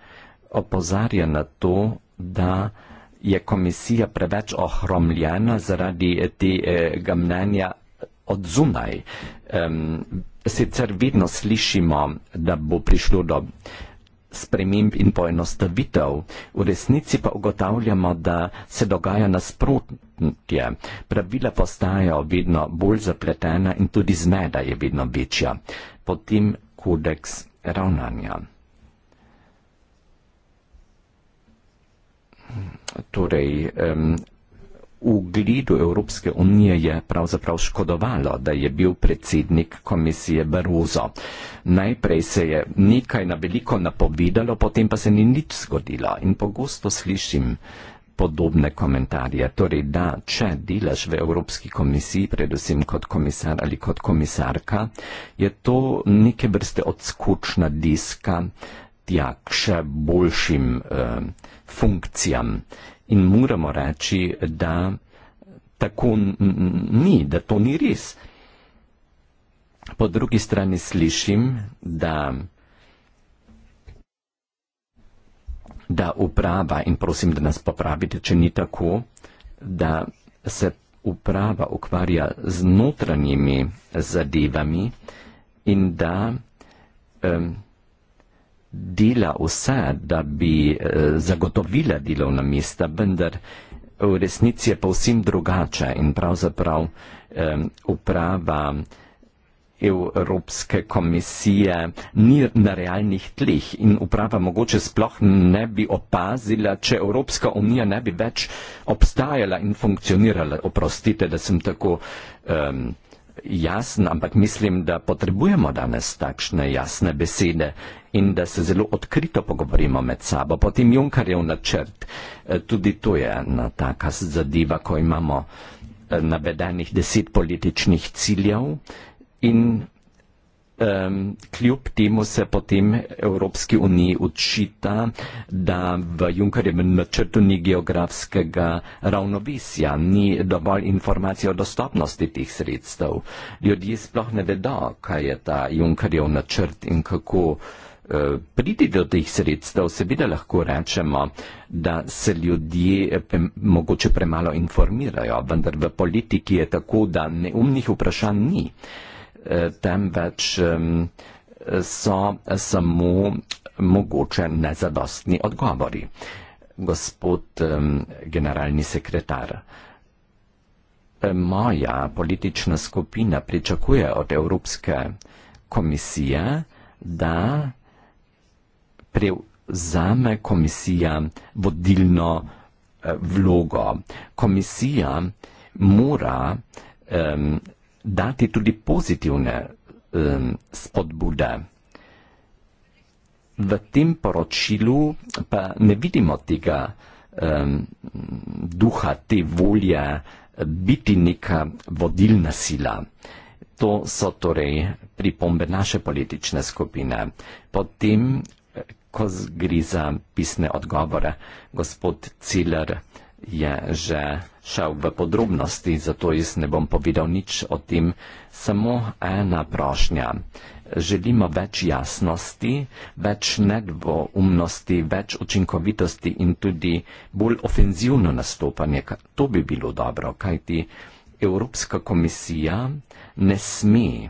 opozarja na to, da uh, je komisija preveč ohromljena zaradi tega mnenja od zunaj. Um, sicer vedno slišimo, da bo prišlo do sprememb in poenostavitev, v resnici pa ugotavljamo, da se dogaja nasprotje. Pravila postajajo vedno bolj zapletena in tudi zmeda je vedno večja. Potem kodeks ravnanja. torej, um, ugledu Evropske unije je pravzaprav škodovalo, da je bil predsednik komisije Barozo. Najprej se je nekaj na veliko napovedalo, potem pa se ni nič zgodilo in pogosto slišim podobne komentarje. Torej, da če delaš v Evropski komisiji, predvsem kot komisar ali kot komisarka, je to neke vrste odskočna diska, uh, tja k še boljšim eh, funkcijam. In moramo reči, da tako ni, da to ni res. Po drugi strani slišim, da, da uprava, in prosim, da nas popravite, če ni tako, da se uprava ukvarja z notranjimi zadevami in da eh, dela vse, da bi eh, zagotovila delovna mesta, vendar v resnici je povsem drugače in pravzaprav uprava Evropske komisije ni na realnih tleh in uprava mogoče sploh ne bi opazila, če Evropska unija ne bi več obstajala in funkcionirala. Oprostite, da sem tako. Um, jasen, ampak mislim, da potrebujemo danes takšne jasne besede in da se zelo odkrito pogovorimo med sabo. Potem Junkarjev načrt, eh, tudi to je na taka zadeva, ko imamo eh, navedenih deset političnih ciljev in um, kljub temu se potem Evropski uniji očita, da v Junkerjem načrtu ni geografskega ravnovesja, ni dovolj informacij o dostopnosti tih sredstev. Ljudje sploh ne vedo, kaj je ta Junkerjev načrt in kako. Eh, priti do teh sredstev, seveda lahko rečemo, da se ljudje mogoče premalo informirajo, vendar v politiki je tako, da neumnih vprašanj ni temveč so samo mogoče nezadostni odgovori. Gospod generalni sekretar, moja politična skupina pričakuje od Evropske komisije, da prevzame komisija vodilno eh, vlogo. Komisija mora um, dati tudi pozitivne um, spodbude. V tem poročilu pa ne vidimo tega um, duha, te volje biti neka vodilna sila. To so torej pripombe naše politične skupine. Potem, ko gre za pisne odgovore, gospod Ciler je že šel v podrobnosti, zato jaz ne bom povedal nič o tem, samo ena prošnja. Želimo več jasnosti, več nedvoumnosti, več učinkovitosti in tudi bolj ofenzivno nastopanje. To bi bilo dobro, kajti Evropska komisija ne sme um,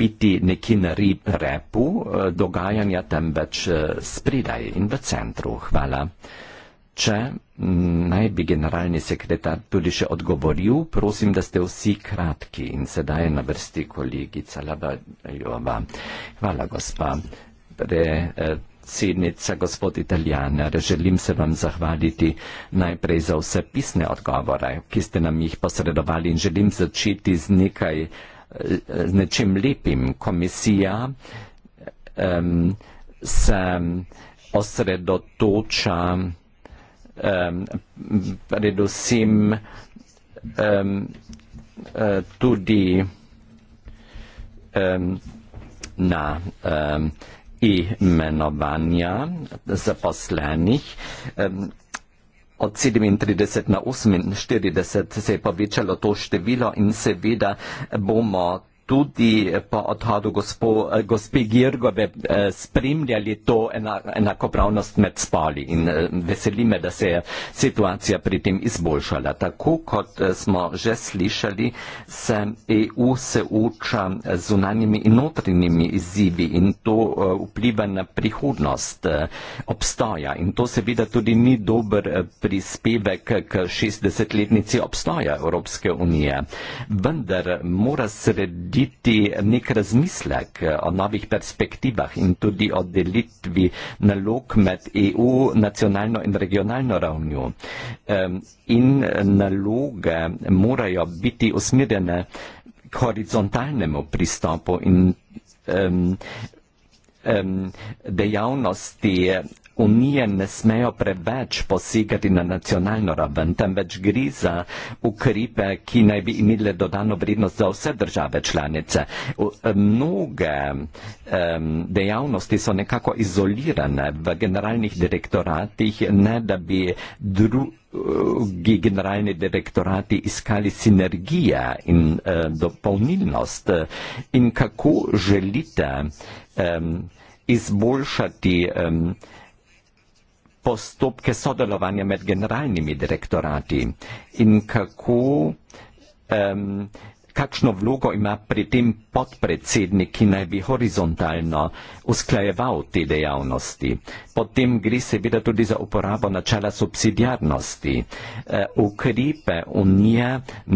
biti neki na repu uh, dogajanja, temveč uh, spredaj in v centru. Hvala. Če naj bi generalni sekretar tudi še odgovoril, prosim, da ste vsi kratki in sedaj je na vrsti kolegica Labajova. Hvala, gospa predsednica, gospod Italijaner. Želim se vam zahvaliti najprej za vse pisne odgovore, ki ste nam jih posredovali in želim začeti z nekaj, z nečim lepim. Komisija um, se osredotoča. Um, predvsem um, uh, tudi um, na um, imenovanja zaposlenih. Um, od 37 na 48 se je povečalo to število in seveda bomo tudi eh, po odhodu gospo, eh, gospe Girgove eh, spremljali to enakopravnost med spoli in veseli me, da se je situacija pri tem izboljšala. Tako kot smo že slišali, se EU se uča zunanjimi in notrinjimi izzivi in to vpliva na prihodnost obstoja in to seveda tudi ni dober prispevek k 60-letnici obstoja Evropske unije. Vendar mora sredi spodbuditi nek razmislek o novih perspektivah in tudi o delitvi nalog med EU nacionalno in regionalno ravnjo. In naloge morajo biti usmerjene k horizontalnemu pristopu in um, um, dejavnosti unije ne smejo preveč posegati na nacionalno raven, temveč gre za ukrepe, ki naj bi imele dodano vrednost za vse države članice. Eh, mnoge um, dejavnosti so nekako izolirane v generalnih direktoratih, ne da bi drugi drugi generalni direktorati iskali sinergije in eh, dopolnilnost in kako želite eh, izboljšati eh, postopke sodelovanja med generalnimi direktorati in kako, um, kakšno vlogo ima pri tem podpredsednik, ki naj bi horizontalno usklajeval te dejavnosti. Potem gre seveda tudi za uporabo načela subsidiarnosti. Uh, ukrepe Unije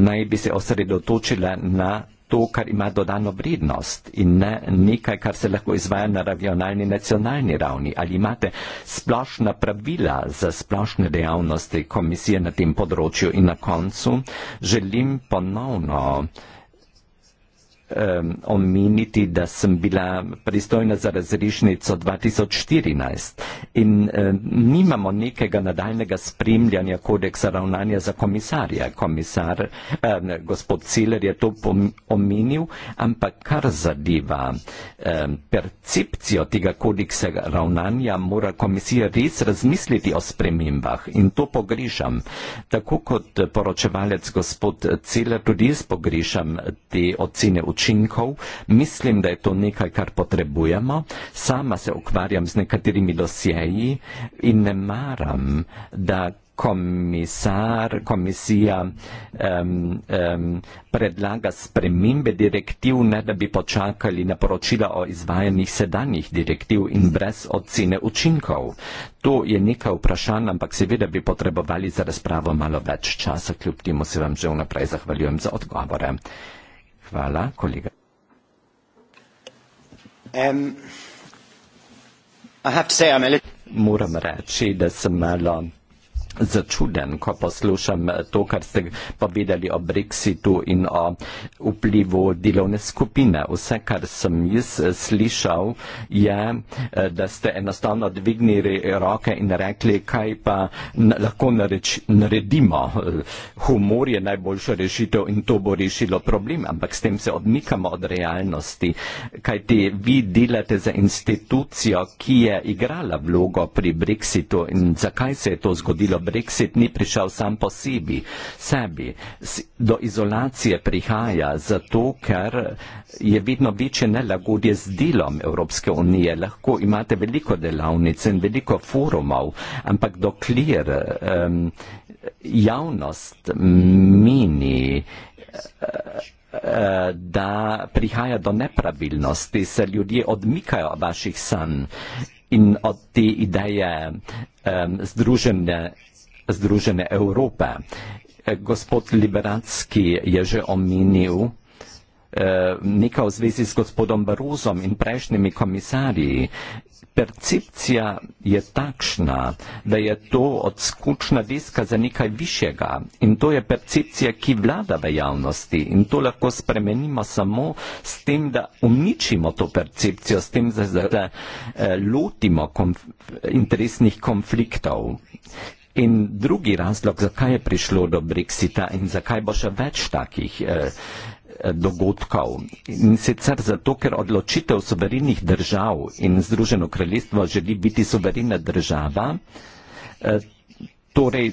naj bi se osredotočila na to, kar ima dodano vrednost in ne nekaj, kar se lahko izvaja na regionalni, nacionalni ravni. Ali imate splošna pravila za splošne dejavnosti komisije na tem področju in na koncu želim ponovno um, omeniti, da sem bila pristojna za razrešnico 2014 in um, nimamo nekega nadaljnega spremljanja kodeksa ravnanja za komisarja. Komisar um, gospod Celer je to omenil, ampak kar zadeva um, percepcijo tega kodeksa ravnanja, mora komisija res razmisliti o spremembah in to pogrišam. Tako kot poročevalec gospod Celer, tudi jaz pogrišam te ocene učinkovitosti učinkov. Mislim, da je to nekaj, kar potrebujemo. Sama se ukvarjam z nekaterimi dosjeji in ne maram, da komisar, komisija um, um, predlaga spremembe direktiv, ne da bi počakali na poročila o izvajanjih sedanjih direktiv in brez ocene učinkov. To je nekaj vprašanj, ampak seveda bi potrebovali za razpravo malo več časa, kljub temu se vam že vnaprej zahvaljujem za odgovore. Hvala, kolega. Um, I have to say I'm a little... Moram reči, da sem malo začuden, ko poslušam to, kar ste povedali o Brexitu in o vplivu delovne skupine. Vse, kar sem jaz slišal, je, eh, da ste enostavno dvignili roke in rekli, kaj pa lahko nareč, naredimo. Humor je najboljša rešitev in to bo rešilo problem, ampak s tem se odmikamo od realnosti. Kaj ti vi delate za institucijo, ki je igrala vlogo pri Brexitu in zakaj se je to zgodilo? Brexit ni prišel sam po sebi, sebi. Do izolacije prihaja zato, ker je vedno večje nelagodje z delom Evropske unije. Lahko imate veliko delavnic in veliko forumov, ampak dokler um, javnost meni, eh, eh, da prihaja do nepravilnosti, se ljudje odmikajo od vaših sanj in od te ideje um, združene Združene Evrope. E, gospod Liberacki je že omenil e, nekaj v zvezi s gospodom Baruzom in prejšnjimi komisarji. Percepcija je takšna, da je to odskučna deska za nekaj višjega in to je percepcija, ki vlada v javnosti in to lahko spremenimo samo s tem, da uničimo to percepcijo, s tem, da, da, da eh, lotimo konf interesnih konfliktov. In drugi razlog, zakaj je prišlo do Brexita in zakaj bo še več takih eh, eh dogodkov. In sicer zato, ker odločitev soverenih držav in Združeno kraljestvo želi biti soverena država, eh, torej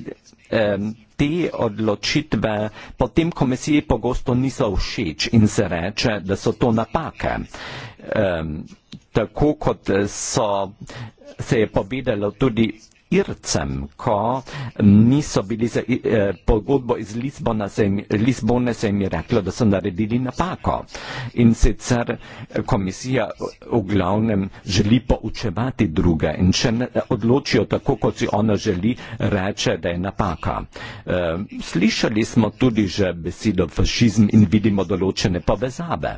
eh, te odločitve potem komisiji pogosto niso všeč in se reče, da so to napake. Eh, tako kot so, se je povedalo tudi Ircem, ko niso bili za eh, pogodbo iz Lizbona, se jim, Lizbone, se jim je reklo, da so naredili napako. In sicer komisija v glavnem želi poučevati druge in če ne, odločijo tako, kot si ona želi, reče, da je napaka. Eh, slišali smo tudi že besedo fašizm in vidimo določene povezave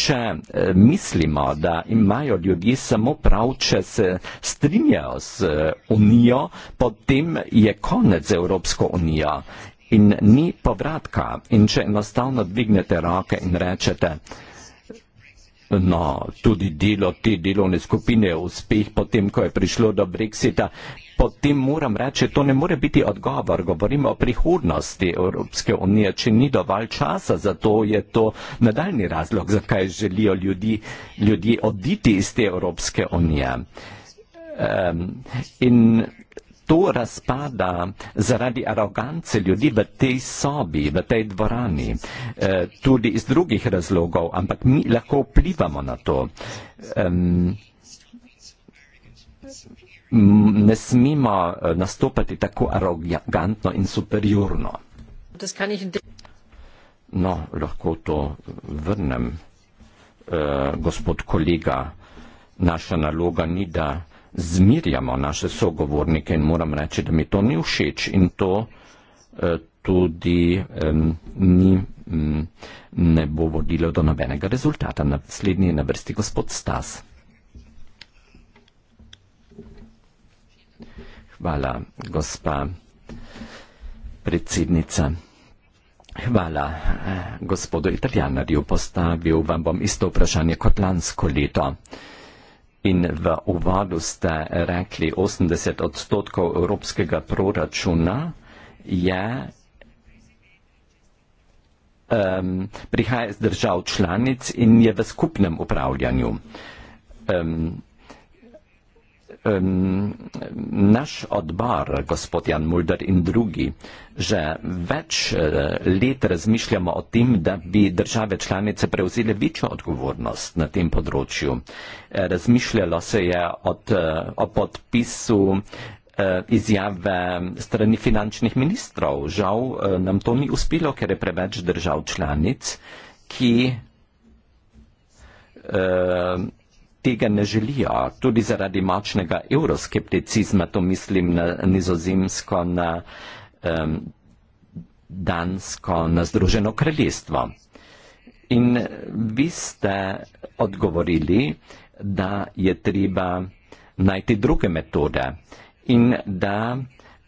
če eh, mislimo, da imajo ljudje samo prav, če se strinjajo z eh, Unijo, potem je konec z Evropsko unijo in ni povratka. In če enostavno dvignete roke in rečete, no, tudi delo te delovne skupine je uspeh, potem, ko je prišlo do Brexita, potem moram reči, to ne more biti odgovor. Govorimo o prihodnosti Evropske unije. Če ni dovolj časa, zato je to nadaljni razlog, zakaj želijo ljudi, ljudi oditi iz te Evropske unije. Um, in to razpada zaradi arogance ljudi v tej sobi, v tej dvorani, e, tudi iz drugih razlogov, ampak mi lahko vplivamo na to. Um, ne smemo eh, nastopati tako arogantno in superiorno. No, lahko to vrnem. Uh, gospod kolega, naša naloga ni, da zmirjamo naše sogovornike in moram reči, da mi to ni všeč in to uh, tudi um, ni, um, ne bo vodilo do nobenega rezultata. Naslednji je na vrsti gospod Stas. Hvala, gospa predsednica. Hvala, eh, gospodu Italijanarju. Postavil vam bom isto vprašanje kot lansko leto. In v uvodu ste rekli, 80 odstotkov evropskega proračuna je. Um, prihaja iz držav članic in je v skupnem upravljanju. Um, Naš odbor, gospod Jan Mulder in drugi, že več eh, let razmišljamo o tem, da bi države članice prevzele večjo odgovornost na tem področju. Eh, razmišljalo se je od, eh, o podpisu izjave strani finančnih ministrov. Žal nam to ni uspelo, ker je preveč držav članic, ki tega ne želijo, tudi zaradi močnega euroskepticizma, to mislim na nizozemsko, na um, dansko, na združeno kraljestvo. In vi ste odgovorili, da je treba najti druge metode in da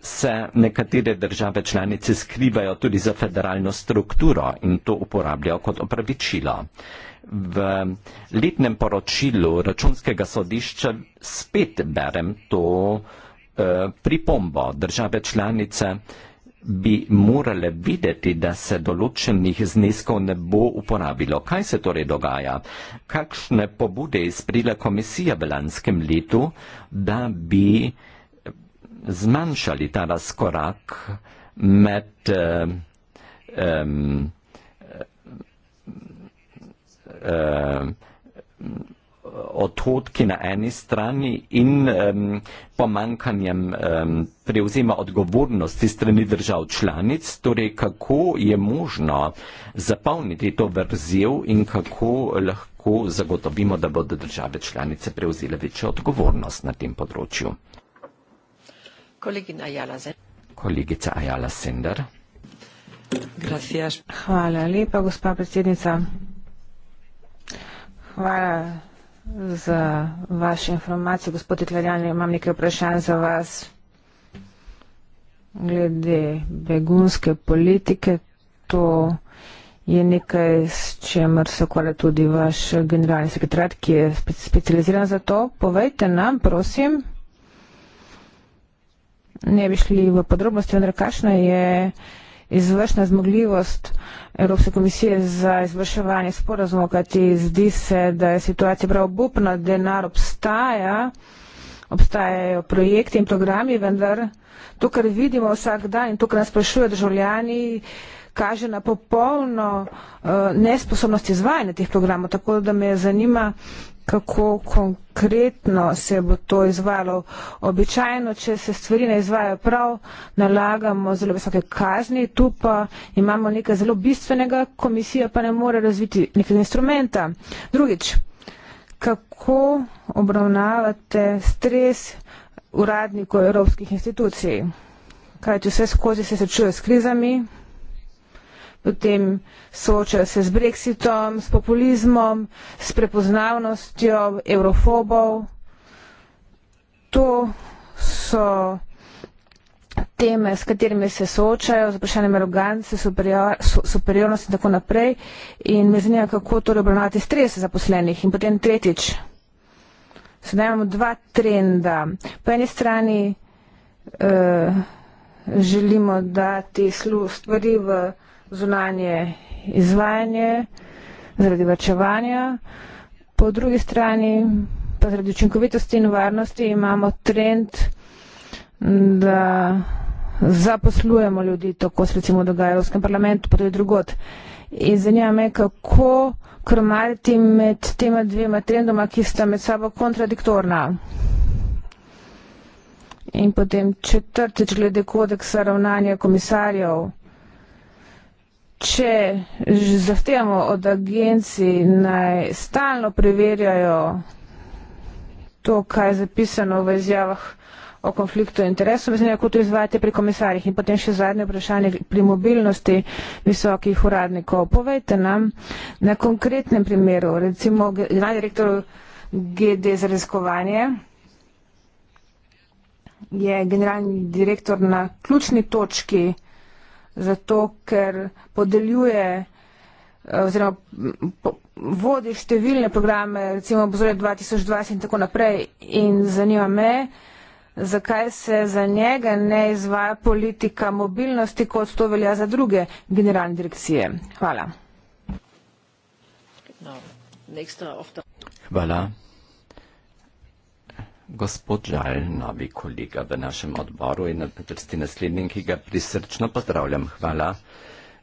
se nekatere države članice skrivajo tudi za federalno strukturo in to uporabljajo kot opravičilo. Uh, v letnem poročilu računskega sodišča spet berem to eh, pripombo. Države članice bi morale videti, da se določenih zneskov ne bo uporabilo. Kaj se torej dogaja? Kakšne pobude je sprila komisija v lanskem letu, da bi zmanjšali ta razkorak med um, eh, odhodki na eni strani in eh, pomankanjem eh, prevzema odgovornosti strani držav članic, torej kako je možno zapolniti to vrzel in kako lahko zagotovimo, da bodo države članice prevzele večjo odgovornost na tem področju. Kolegina Ajala Sender. Kolegica Ajala Sender. Hvala lepa, gospa predsednica hvala za vaše informacije, gospod Italijan, imam nekaj vprašanj za vas. Glede begunske politike, to je nekaj, s čemer se ukvarja tudi vaš generalni sekretariat, ki je specializiran za to. Povejte nam, prosim, ne bi šli v podrobnosti, vendar kakšna je izvršna zmogljivost Evropske komisije za izvrševanje sporazumov, kajti zdi se, da je situacija prav obupna, denar obstaja, obstajajo projekti in programi, vendar to, kar vidimo vsak dan in to, kar nas sprašujejo državljani, kaže na popolno uh, nesposobnost izvajanja teh programov. Tako da me zanima, kako konkretno se bo to izvalo. Običajno, če se stvari ne izvajo prav, nalagamo zelo visoke kazni, tu pa imamo nekaj zelo bistvenega, komisija pa ne more razviti nekega instrumenta. Drugič, kako obravnavate stres uradnikov evropskih institucij? Kaj če vse skozi se srečuje s krizami? potem soočajo se z brexitom, s populizmom, s prepoznavnostjo eurofobov. To so teme, s katerimi se soočajo, z vprašanjem arogance, superiornosti in tako naprej. In me zanima, kako torej obravnavati stres zaposlenih. In potem tretjič, sedaj imamo dva trenda. Po eni strani uh, želimo dati stvari v zunanje izvajanje, zaradi vrčevanja. Po drugi strani pa zaradi učinkovitosti in varnosti imamo trend, da zaposlujemo ljudi, tako se recimo dogaja v Evropskem parlamentu, pa tudi drugot. In zanima me, kako kromaliti med tema dvema trendoma, ki sta med sabo kontradiktorna. In potem četrtič glede kodeksa ravnanja komisarjev če zahtevamo od agencij naj stalno preverjajo to, kaj je zapisano v izjavah o konfliktu interesov, mislim, kako to izvajate pri komisarjih. In potem še zadnje vprašanje pri mobilnosti visokih uradnikov. Povejte nam na konkretnem primeru, recimo generalni direktor GD za raziskovanje, je generalni direktor na ključni točki zato ker podeljuje eh, oziroma vodi številne programe, recimo obzorje 2020 in tako naprej in zanima me, zakaj se za njega ne izvaja politika mobilnosti, kot to velja za druge generalne direkcije. Hvala. Hvala. Gospod Žal, novi kolega v našem odboru in vrsti naslednjim, ki ga prisrčno pozdravljam. Hvala.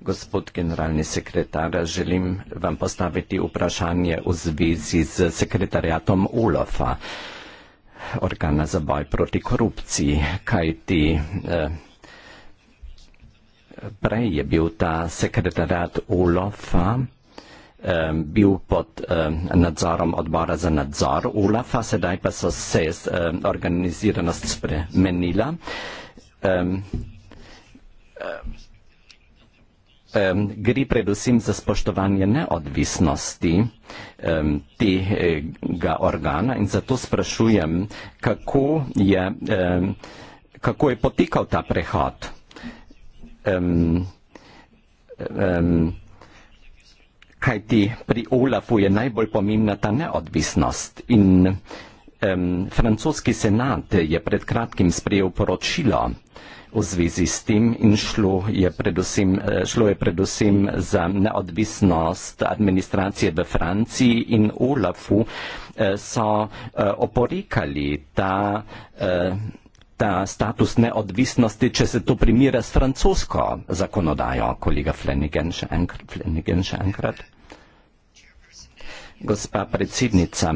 Gospod generalni sekretar, želim vam postaviti vprašanje v zvezi z sekretarjatom ULOFA, organa za boj proti korupciji. Kaj ti eh, prej je bil ta sekretarjat ULOFA? Um, bil pod eh, nadzorom odbora za nadzor ULAFA, sedaj pa so se eh, organiziranost spremenila. Eh, eh, gre predvsem za spoštovanje neodvisnosti eh, tega organa in zato sprašujem, kako je, eh, kako je potekal ta prehod. Eh, eh, kajti pri Olafu je najbolj pomembna ta neodvisnost. In um, francoski senat je pred kratkim sprejel poročilo v zvezi s tem in šlo je predvsem, e, šlo je predvsem za neodvisnost administracije v Franciji in Olafu e, so e, oporekali ta, ta status neodvisnosti, če se to primira s francosko zakonodajo, kolega Flanagan, še enkrat. Flanagan, še enkrat gospa predsednica.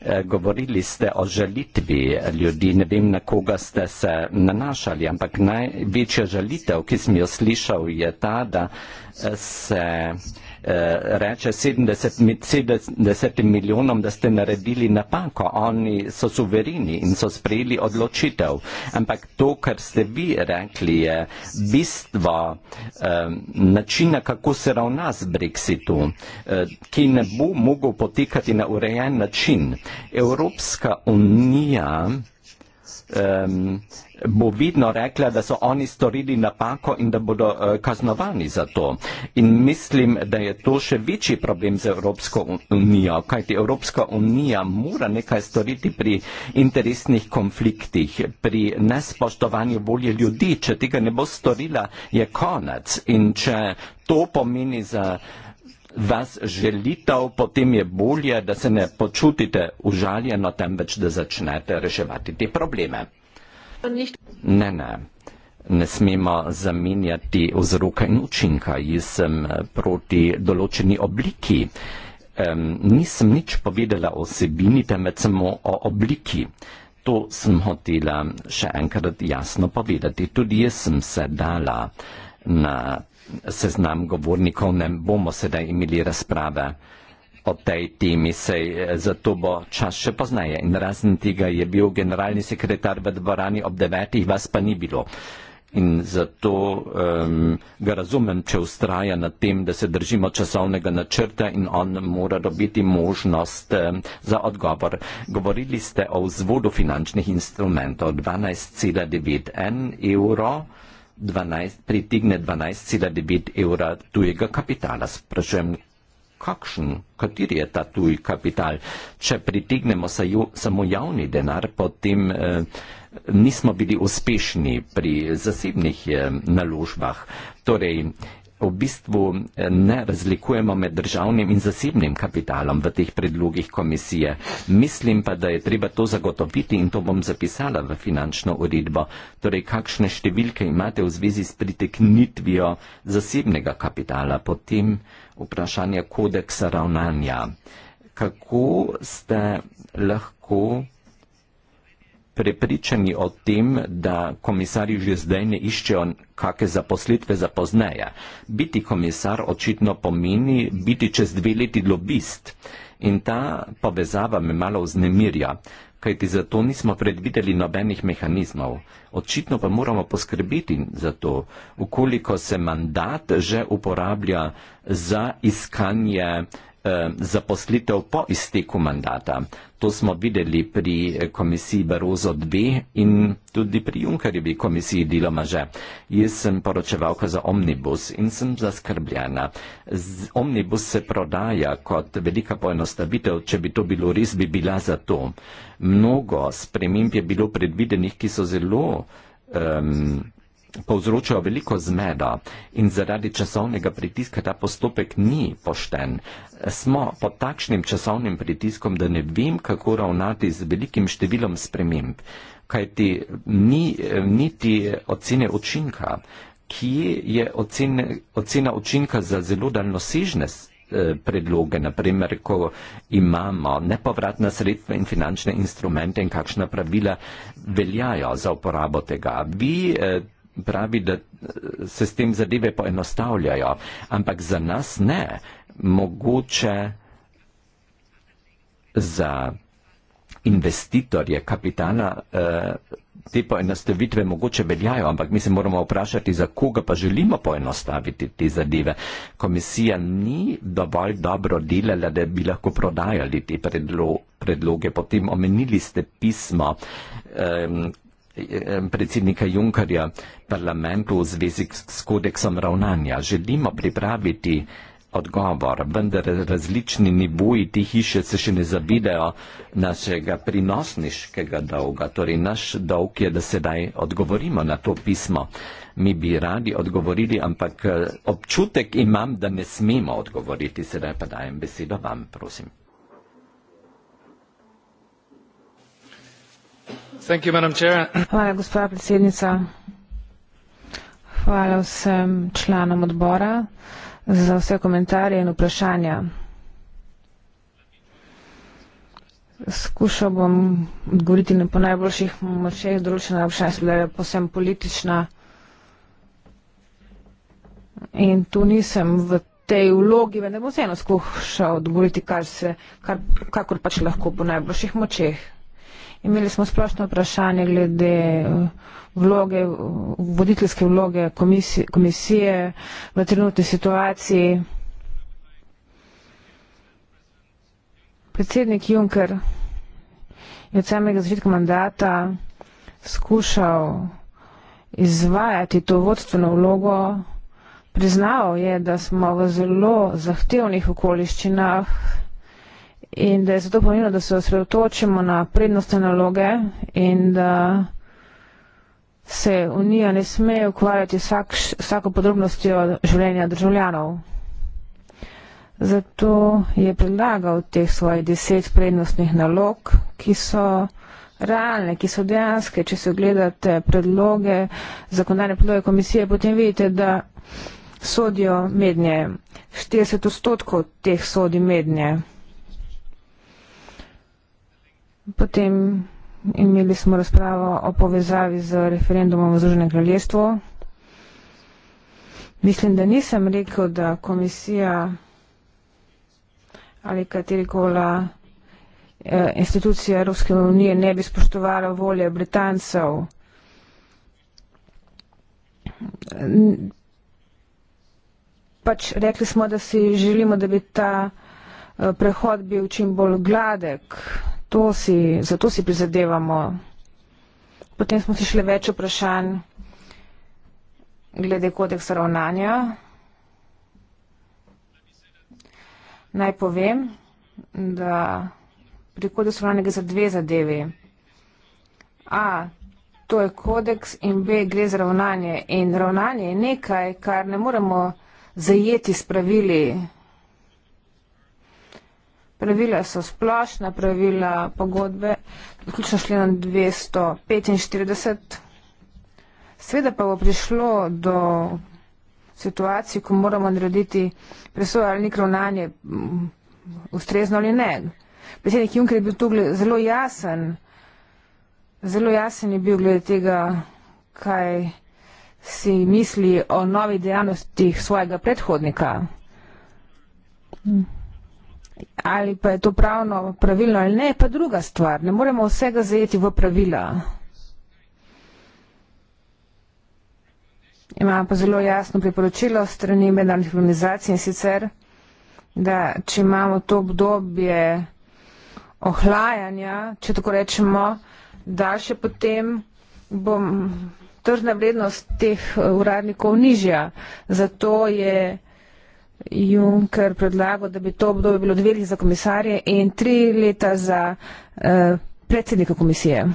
Eh, govorili ste o žalitvi ljudi, ne vem, na koga ste se nanašali, ampak največja žalitev, ki sem jo slišal, je ta, da se Eh, reče 70, 70 milijonom, da ste naredili napako. Oni so suvereni in so sprejeli odločitev. Ampak to, kar ste vi rekli, je bistvo eh, načina, kako se ravna z Brexitu, eh, ki ne bo mogel potekati na urejen način. Evropska unija um, bo vidno rekla, da so oni storili napako in da bodo uh, kaznovani za to. In mislim, da je to še večji problem za Evropsko unijo, kajti Evropska unija mora nekaj storiti pri interesnih konfliktih, pri nespoštovanju volje ljudi. Če tega ne bo storila, je konec. In če to pomeni za uh, vas želi to, potem je bolje, da se ne počutite užaljeno, temveč da začnete reševati te probleme. Ne, ne. Ne smemo zamenjati vzroka in učinka. Jaz sem eh, proti določeni obliki. Um, nisem nič povedala o osebini, temveč samo o obliki. To sem hotela še enkrat jasno povedati. Tudi jaz sem se dala na seznam govornikov, ne bomo sedaj imeli razprave o tej temi, sej eh, zato bo čas še poznaje. In razen tega je bil generalni sekretar v dvorani ob devetih, vas pa ni bilo. In zato um, ga razumem, če ustraja na tem, da se držimo časovnega načrta in on mora dobiti možnost um, za odgovor. Govorili ste o vzvodu finančnih instrumentov 12,91 evro. 12, pritigne 12,9 evra tujega kapitala. Sprašujem, kakšen, kateri je ta tuj kapital? Če pritignemo saju, samo javni denar, potem eh, nismo bili uspešni pri zasebnih eh, naložbah. Torej, v bistvu eh, ne razlikujemo med državnim in zasebnim kapitalom v teh predlogih komisije. Mislim pa, da je treba to zagotoviti in to bom zapisala v finančno uredbo. Torej, kakšne številke imate v zvezi s priteknitvijo zasebnega kapitala, potem vprašanje kodeksa ravnanja. Kako ste lahko prepričani o tem, da komisarji že zdaj ne iščejo kakšne zaposlitve za pozneje. Biti komisar očitno pomeni biti čez dve leti lobist. In ta povezava me malo vznemirja, kajti zato nismo predvideli nobenih mehanizmov. Očitno pa moramo poskrbeti za to, ukoliko se mandat že uporablja za iskanje Eh, zaposlitev po izteku mandata. To smo videli pri komisiji Barozo 2 in tudi pri Junkerjevi komisiji Diloma že. Jaz sem poročevalka za Omnibus in sem zaskrbljena. Omnibus se prodaja kot velika poenostavitev, če bi to bilo res, bi bila za to. Mnogo sprememb je bilo predvidenih, ki so zelo um, povzročajo veliko zmeda in zaradi časovnega pritiska ta postopek ni pošten. Smo pod takšnim časovnim pritiskom, da ne vem, kako ravnati z velikim številom sprememb, kajti ni niti ocene učinka, kje je ocene, ocena učinka za zelo daljnosežne eh, predloge, naprimer, ko imamo nepovratna sredstva in finančne instrumente in kakšna pravila veljajo za uporabo tega. Vi eh, pravi, da eh, se s tem zadeve poenostavljajo, ampak za nas ne. Mogoče za investitorje kapitala eh, te poenostavitve mogoče veljajo, ampak mi se moramo vprašati, za koga pa želimo poenostaviti te zadeve. Komisija ni dovolj dobro delala, da bi lahko prodajali te predlo predloge. Potem omenili ste pismo, Eh, predsednika Junkarja parlamentu v zvezi s kodeksom ravnanja. Želimo pripraviti odgovor, vendar različni niboji te hiše se še ne zavidejo našega prinosniškega dolga. Torej, naš dolg je, da sedaj odgovorimo na to pismo. Mi bi radi odgovorili, ampak eh, občutek imam, da ne smemo odgovoriti. Sedaj pa dajem besedo vam, prosim. Hvala, gospa predsednica. Hvala vsem članom odbora za vse komentarje in vprašanja. Skušal bom odgovoriti na po najboljših močeh določena vprašanja, da je posem politična in tu nisem v tej vlogi, vendar bom vseeno skušal odgovoriti, kar se, kar, kakor pač lahko po najboljših močeh. Imeli smo splošno vprašanje glede eh, vloge, voditeljske vloge komisije, komisije v trenutni situaciji. Predsednik Juncker je od samega začetka mandata skušal izvajati to vodstveno vlogo. Priznal je, da smo v zelo zahtevnih okoliščinah in da je zato pomembno, da se osredotočimo na prednostne naloge in da se Unija ne sme ukvarjati vsak, vsako podrobnostjo življenja državljanov. Zato je predlagal teh svojih deset prednostnih nalog, ki so realne, ki so dejanske. Če se ogledate predloge, zakonodajne predloge komisije, potem vidite, da sodijo mednje. 40 odstotkov teh sodi mednje. Potem imeli smo razpravo o povezavi z referendumom v Združenem kraljestvu. Mislim, da nisem rekel, da komisija ali katerikola eh, institucija Evropske unije ne bi spoštovala volje Britancev. Pač rekli smo, da si želimo, da bi ta eh, prehod bil čim bolj gladek si, za to si prizadevamo. Potem smo si šli več vprašanj glede kodeksa ravnanja. Naj povem, da pri kodeksu ravnanja gre za dve zadevi. A, to je kodeks in B, gre za ravnanje. In ravnanje je nekaj, kar ne moremo zajeti s pravili Pravila so splošna, pravila pogodbe, vključno šli na 245. Sveda pa bo prišlo do situacij, ko moramo narediti presojo ali nek ravnanje, mm, ustrezno ali ne. Predsednik Juncker je bil tu zelo jasen, zelo jasen je bil glede tega, kaj si misli o novi dejavnosti svojega predhodnika. Hm ali pa je to pravno pravilno ali ne, pa druga stvar. Ne moremo vsega zajeti v pravila. Imamo pa zelo jasno priporočilo strani mednarodnih organizacij in sicer, da če imamo to obdobje ohlajanja, če tako rečemo, da še potem bo tržna vrednost teh eh, uradnikov nižja. Zato je Juncker predlagal, da bi to obdobje bilo dve leti za komisarje in tri leta za uh, predsednika komisije.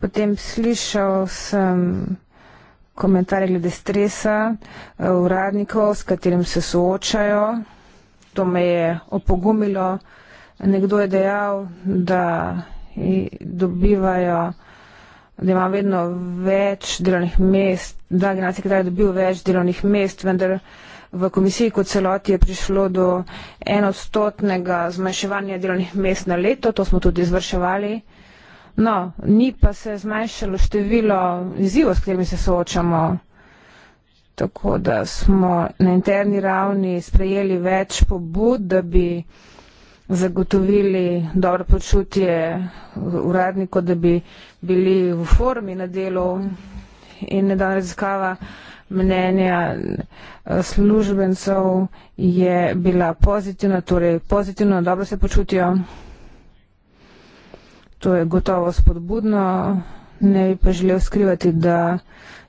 Potem slišal sem komentarje glede stresa eh, uradnikov, s katerim se soočajo. To me je opogumilo. Nekdo je dejal, da dobivajo, da ima vedno več delovnih mest, da generalni sekretar je dobil več delovnih mest, vendar v komisiji kot celoti je prišlo do enostotnega zmanjševanja delovnih mest na leto, to smo tudi izvrševali. No, ni pa se zmanjšalo število izzivov, s katerimi se soočamo. Tako da smo na interni ravni sprejeli več pobud, da bi uh, zagotovili dobro počutje uradniku, da bi bili v formi na delu in da raziskava mnenja eh, službencev je bila pozitivna, torej pozitivno, dobro se počutijo. To je gotovo spodbudno. Ne bi pa želel skrivati, da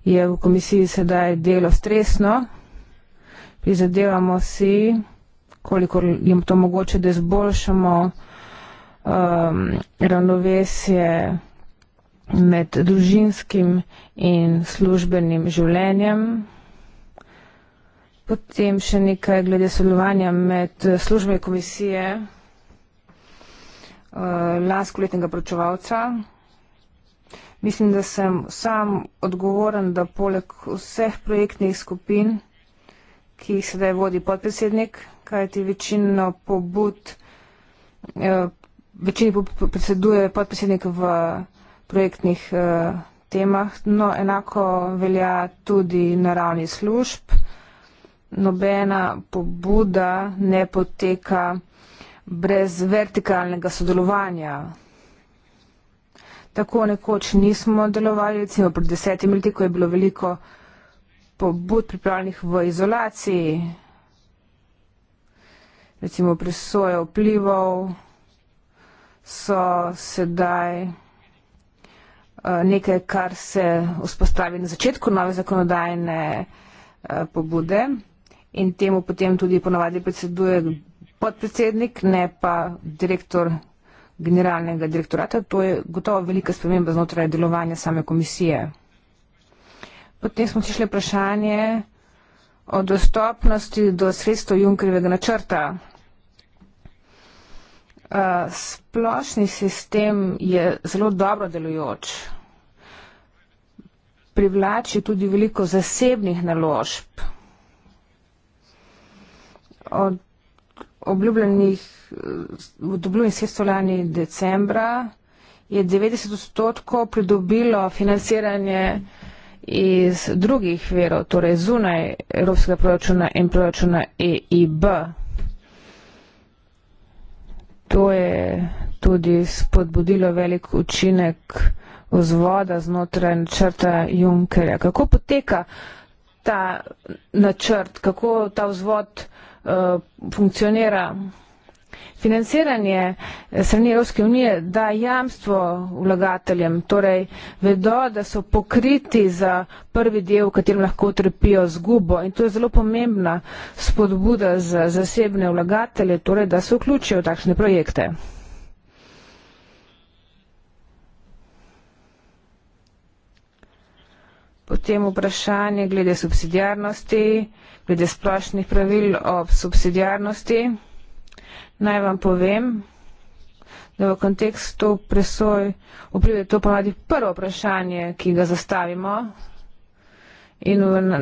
je v komisiji sedaj delo stresno. Prizadevamo si kolikor jim to mogoče, da izboljšamo um, ravnovesje med družinskim in službenim življenjem. Potem še nekaj glede sodelovanja med eh, službe komisije uh, eh, lansko letnega pročevalca. Mislim, da sem sam odgovoren, da poleg vseh projektnih skupin, ki jih sedaj vodi podpredsednik, kajti večino pobud, eh, večini pobud predseduje podpredsednik v projektnih eh, temah, no enako velja tudi na ravni služb. Nobena pobuda ne poteka brez vertikalnega sodelovanja. Tako nekoč nismo delovali, recimo pred desetimi leti, ko je bilo veliko pobud pripravljenih v izolaciji, recimo presoje vplivov, so sedaj eh, nekaj, kar se vzpostavi na začetku nove zakonodajne eh, pobude in temu potem tudi ponavadi predseduje podpredsednik, ne pa direktor generalnega direktorata. To je gotovo velika sprememba znotraj delovanja same komisije. Potem smo slišali vprašanje o dostopnosti do sredstva Junkerjevega načrta. Eh, splošni sistem je zelo dobro delujoč. Privlači tudi veliko zasebnih naložb. Od obljubljenih, eh, od obljubljenih sredstv lani decembra je 90 odstotkov pridobilo financiranje iz drugih verov, torej zunaj Evropskega proračuna in proračuna EIB to je tudi spodbudilo velik učinek vzvoda znotraj načrta Junkerja. Kako poteka ta načrt, kako ta vzvod uh, funkcionira? financiranje eh, strani Evropske unije da jamstvo vlagateljem, torej vedo, da so pokriti za prvi del, v katerem lahko trpijo zgubo in to je zelo pomembna spodbuda za zasebne vlagatelje, torej da se vključijo v takšne projekte. Potem vprašanje glede subsidijarnosti, glede splošnih pravil o subsidijarnosti. Naj vam povem, da v kontekstu presoj vplivajo to ponavadi prvo vprašanje, ki ga zastavimo in v,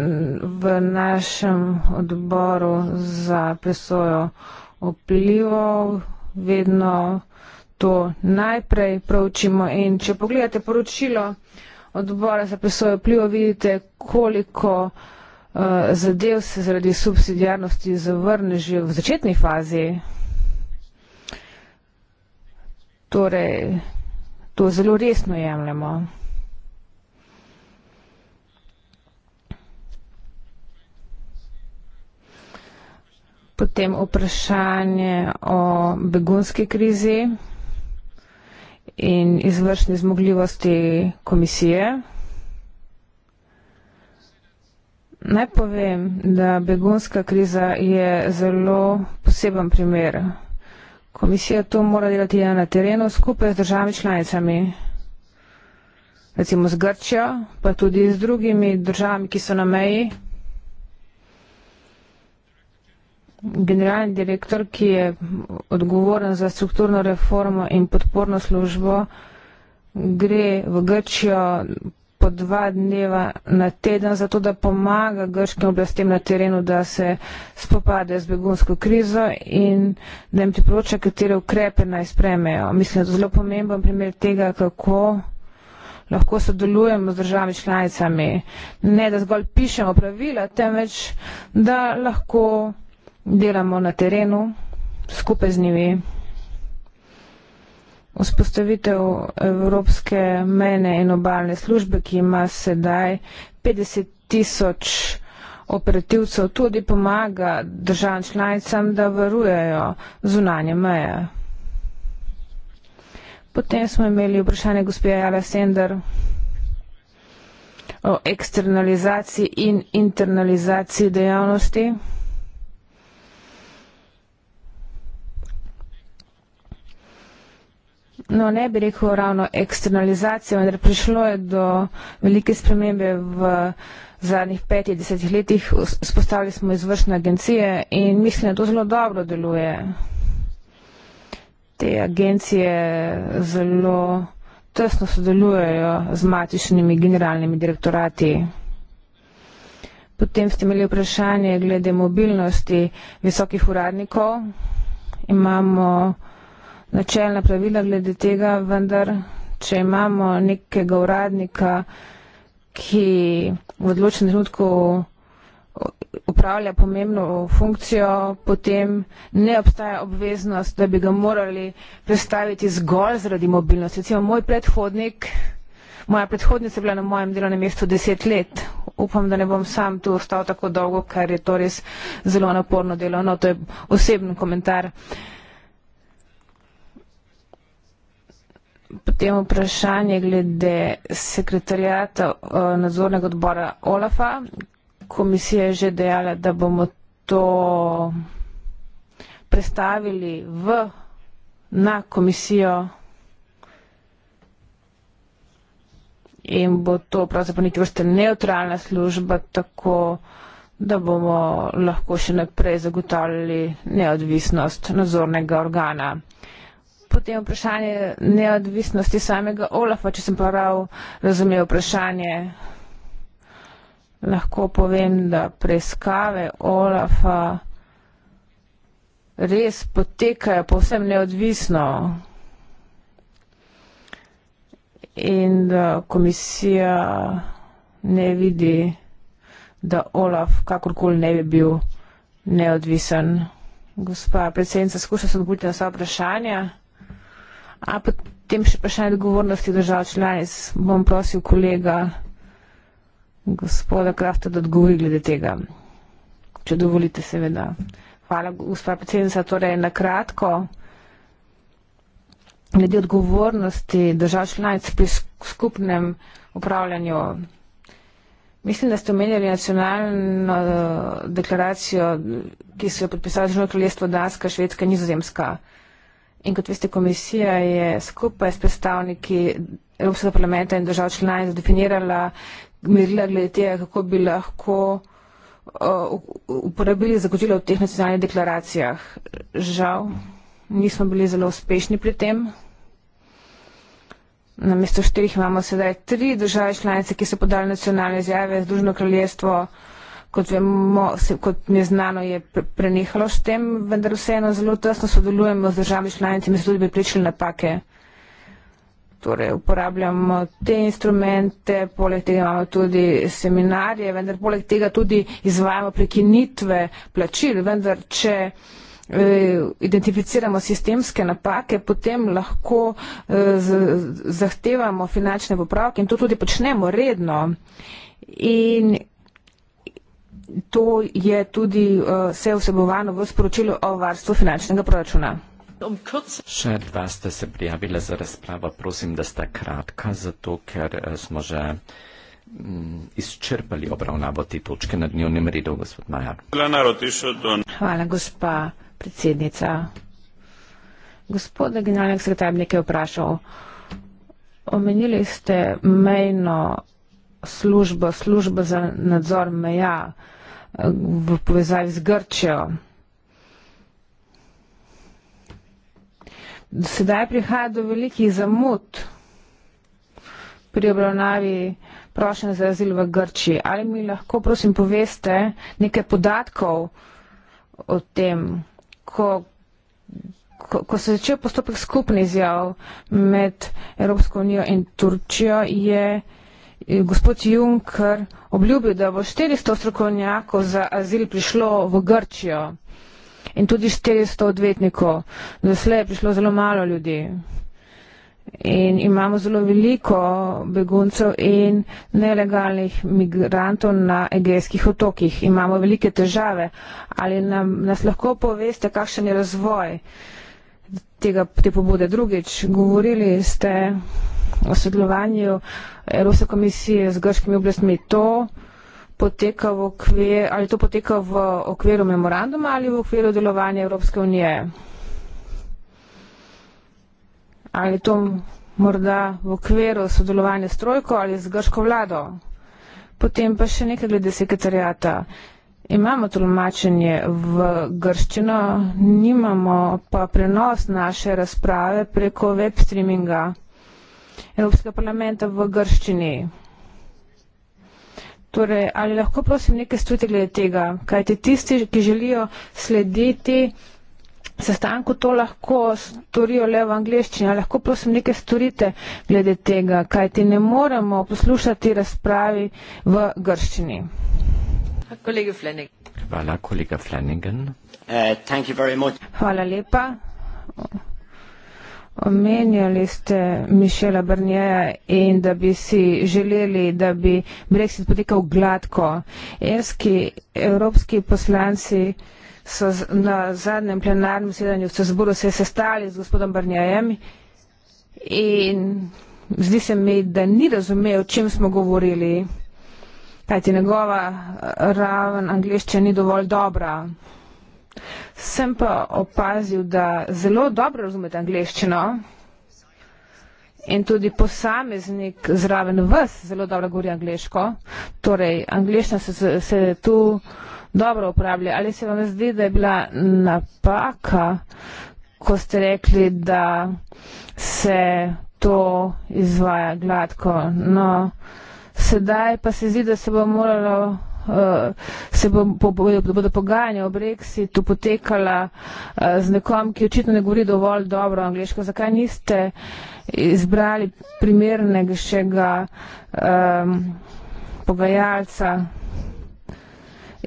v našem odboru za presojo vplivov vedno to najprej proučimo in če pogledate poročilo odbora za presojo vplivo, vidite, koliko uh, zadev se zaradi subsidijarnosti zavrne že v začetni fazi. Torej, to zelo resno jemljamo. Potem vprašanje o begunski krizi in izvršni zmogljivosti komisije. Naj povem, da begunska kriza je zelo poseben primer komisija to mora delati na terenu skupaj z državami članicami, recimo z Grčjo, pa tudi z drugimi državami, ki so na meji. Generalni direktor, ki je odgovoren za strukturno reformo in podporno službo, gre v Grčjo po dva dneva na teden, zato da pomaga grškim oblastem na terenu, da se spopade z begunsko krizo in da jim priporoča, katere ukrepe naj spremejo. Mislim, da je zelo pomemben primer tega, kako lahko sodelujemo z državami članicami. Ne, da zgolj pišemo pravila, temveč, da lahko delamo na terenu skupaj z njimi. Vzpostavitev Evropske mene in obalne službe, ki ima sedaj 50 tisoč operativcev, tudi pomaga državam članicam, da varujejo zunanje meje. Potem smo imeli vprašanje gospe Jala Sender o eksternalizaciji in internalizaciji dejavnosti. No, ne bi rekel ravno eksternalizacijo, vendar prišlo je do velike spremembe v zadnjih petih, desetih letih. Spostavili smo izvršne agencije in mislim, da to zelo dobro deluje. Te agencije zelo tesno sodelujejo z matičnimi generalnimi direktorati. Potem ste imeli vprašanje glede mobilnosti visokih uradnikov. Imamo načelna pravila glede tega, vendar, če imamo nekega uradnika, ki v odločenem trenutku upravlja pomembno funkcijo, potem ne obstaja obveznost, da bi ga morali predstaviti zgolj zaradi mobilnosti. Recimo moj predhodnik, moja predhodnica je bila na mojem delovnem mestu deset let. Upam, da ne bom sam tu ostal tako dolgo, ker je to res zelo naporno delo. No, to je osebni komentar. Uh, potem vprašanje glede sekretarijata eh, nadzornega odbora OLAFA. Komisija je že dejala, da bomo to predstavili v, na komisijo in bo to pravzaprav nekaj vrste neutralna služba, tako da bomo lahko še naprej zagotavljali neodvisnost nadzornega organa. Potem vprašanje neodvisnosti samega Olafa, če sem prav razumel vprašanje. Lahko povem, da preiskave Olafa res potekajo povsem neodvisno in da komisija ne vidi, da Olaf kakorkoli ne bi bil neodvisen. Gospa predsednica, skušam se odgovoriti na vsa vprašanja. A potem še vprašanje odgovornosti držav članic. Bom prosil kolega gospoda Krafta, da odgovori glede tega. Če dovolite, seveda. Hvala, gospa predsednica. Torej, na kratko, glede odgovornosti držav članic pri skupnem upravljanju. Mislim, da ste omenjali nacionalno eh, deklaracijo, ki so jo podpisali Združeno kraljestvo Danska, Švedska, Nizozemska. In kot veste, komisija je skupaj s predstavniki Evropskega parlamenta in držav članic definirala merila glede tega, kako bi lahko uh, uporabili zagotovila v teh nacionalnih deklaracijah. Žal, nismo bili zelo uspešni pri tem. Na mesto štirih imamo sedaj tri države članice, ki so podali nacionalne izjave, Združeno kraljestvo, kot vemo, se, kot ne znano, je prenehalo s tem, vendar vseeno zelo tesno sodelujemo z državami članicami, zato da bi prečili napake. Torej, uporabljamo te instrumente, poleg tega imamo tudi seminarje, vendar poleg tega tudi izvajamo prekinitve plačil, vendar če e, identificiramo sistemske napake, potem lahko e, zahtevamo finančne popravke in to tudi počnemo redno. In to je tudi eh, vse vsebovano v sporočilu o varstvu finančnega proračuna. Um, Še dva ste se prijavili za razpravo. Prosim, da sta kratka, zato ker eh, smo že mm, izčrpali obravnavo te točke na dnevnem redu, gospod Majar. Hvala, gospa predsednica. Gospod generalni sekretar nekaj je vprašal. Omenili ste mejno službo, službo za nadzor meja v povezavi z Grčijo. Sedaj prihaja do velikih zamud pri obravnavi prošen za azil v Grčiji. Ali mi lahko, prosim, poveste nekaj podatkov o tem, ko, ko, ko se začel postopek skupnih izjav med Evropsko unijo in Turčijo, je Eh, gospod Juncker obljubil, da bo 400 strokovnjakov za azil prišlo v Grčijo in tudi 400 odvetnikov. Doslej je prišlo zelo malo ljudi in imamo zelo veliko beguncev in nelegalnih migrantov na egejskih otokih. Imamo velike težave. Ali nam, nas lahko poveste, kakšen je razvoj tega, te pobude? Drugič, govorili ste o sodelovanju Evropske komisije z grškimi oblastmi. To poteka v okviru, ali to poteka v okviru memoranduma ali v okviru delovanja Evropske unije? Ali to morda v okviru sodelovanja s trojko ali z grško vlado? Potem pa še nekaj glede sekretarijata. Imamo tolmačenje v grščino, nimamo pa prenos naše razprave preko web streaminga. Evropskega parlamenta v Grščini. Torej, ali lahko prosim nekaj stojite glede tega, kajti tisti, ki želijo slediti sestanku, to lahko storijo le v angliščini, ali lahko prosim nekaj storite glede tega, kajti ne moremo poslušati razpravi v Grščini. Kolega Flanagan. Hvala, kolega Flanagan. Uh, Hvala lepa. Omenjali ste Mišela Brnjeja in da bi si želeli, da bi Brexit potekal gladko. Irski evropski poslanci so na zadnjem plenarnem sedanju v Cezboru se sestali z gospodom Brnjejem in zdi se mi, da ni razumel, o čem smo govorili. Kajti njegova eh, raven angliščine ni dovolj dobra. Sem pa opazil, da zelo dobro razumete angliščino in tudi posameznik zraven vas zelo dobro govori angliško. Torej, angliščina se, se tu dobro uporablja. Ali se vam zdi, da je bila napaka, ko ste rekli, da se to izvaja gladko? No, sedaj pa se zdi, da se bo moralo se bo, bo, bodo pogajanja o Brexitu potekala eh, z nekom, ki očitno ne govori dovolj dobro angliško. Zakaj niste izbrali primernega um, ehm, pogajalca?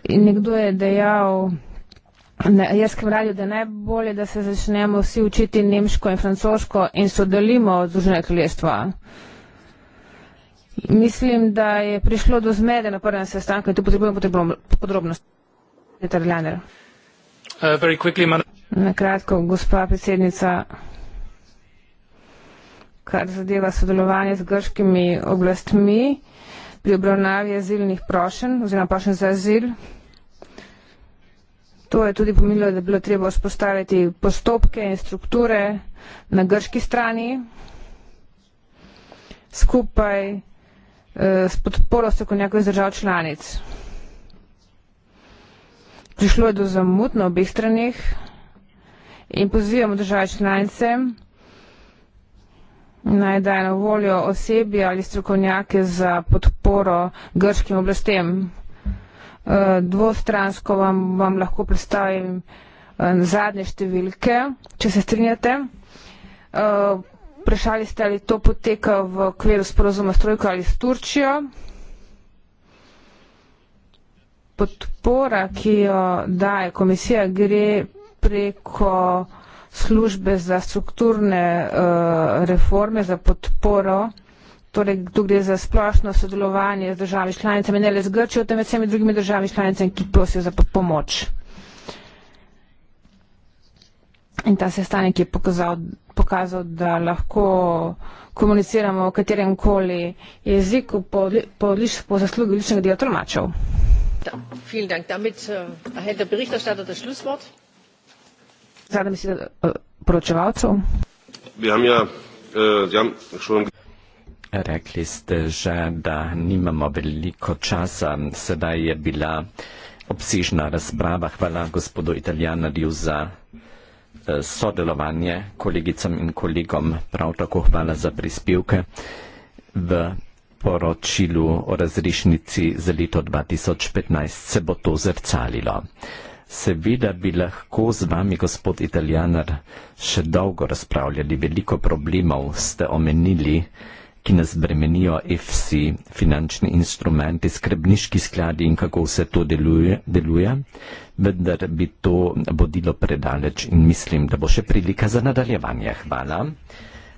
In nekdo je dejal, na jaskem radiju, da je najbolje, da se začnemo vsi učiti nemško in francosko in sodelimo z Združenega kraljestva. Mislim, da je prišlo do zmede na prvem sestanku in tu potrebujemo podrobnost. Peter Ljaner. Uh, na kratko, gospa predsednica, kar zadeva sodelovanje z grškimi oblastmi pri obravnavi azilnih prošen oziroma prošen za azil. To je tudi pomenilo, da je bilo treba vzpostaviti postopke in strukture na grški strani skupaj Eh, s podporo strokovnjakov iz držav članic. Prišlo je do zamud na obeh stranih in pozivamo države članice naj daje na voljo osebi ali strokovnjake za podporo grškim oblastem. Eh, dvostransko vam, vam lahko predstavim eh, zadnje številke, če se strinjate. Vprašali ste, ali to poteka v okviru sporozuma s Trojko ali s Turčijo. Podpora, ki jo daje komisija, gre preko službe za strukturne uh, reforme, za podporo. Torej, tu gre za splošno sodelovanje z državami članicami, ne le z Grčijo, temveč vsemi drugimi državami članicami, ki prosijo za pomoč. In ta sestanek je pokazal, pokazal, da lahko komuniciramo v katerem koli jeziku po, po, po, po zaslugi odličnega dela tolmačev. Ja, äh, Zadnja beseda äh, poročevalcev. Äh, Rekli ste že, da nimamo veliko časa. Sedaj je bila obsežna razprava. Hvala gospodu Italijanarju za Eh, sodelovanje kolegicam in kolegom, prav tako hvala za prispevke v poročilu o razrešnici za leto 2015 se bo to zrcalilo. Seveda bi lahko z vami, gospod Italijanar, še dolgo razpravljali, veliko problemov ste omenili ki nas bremenijo FSI, finančni instrumenti, skrbniški skladi in kako vse to deluje, deluje, vendar bi to bodilo predaleč in mislim, da bo še prilika za nadaljevanje. Hvala.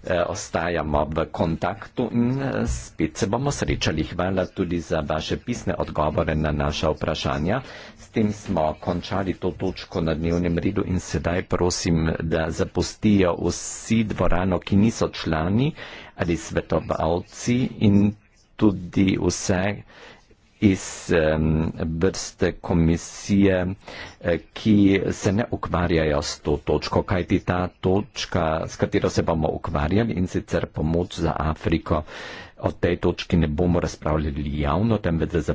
E, ostajamo v kontaktu in e, spet se bomo srečali. Hvala tudi za vaše pisne odgovore na naša vprašanja. S tem smo končali to točko na dnevnem redu in sedaj prosim, da zapustijo vsi dvorano, ki niso člani ali svetovalci in tudi vse iz um, vrste komisije, eh, ki se ne ukvarjajo s to točko, kajti ta točka, s katero se bomo ukvarjali in sicer pomoč za Afriko, o tej točki ne bomo razpravljali javno, temveč za zaprtimi.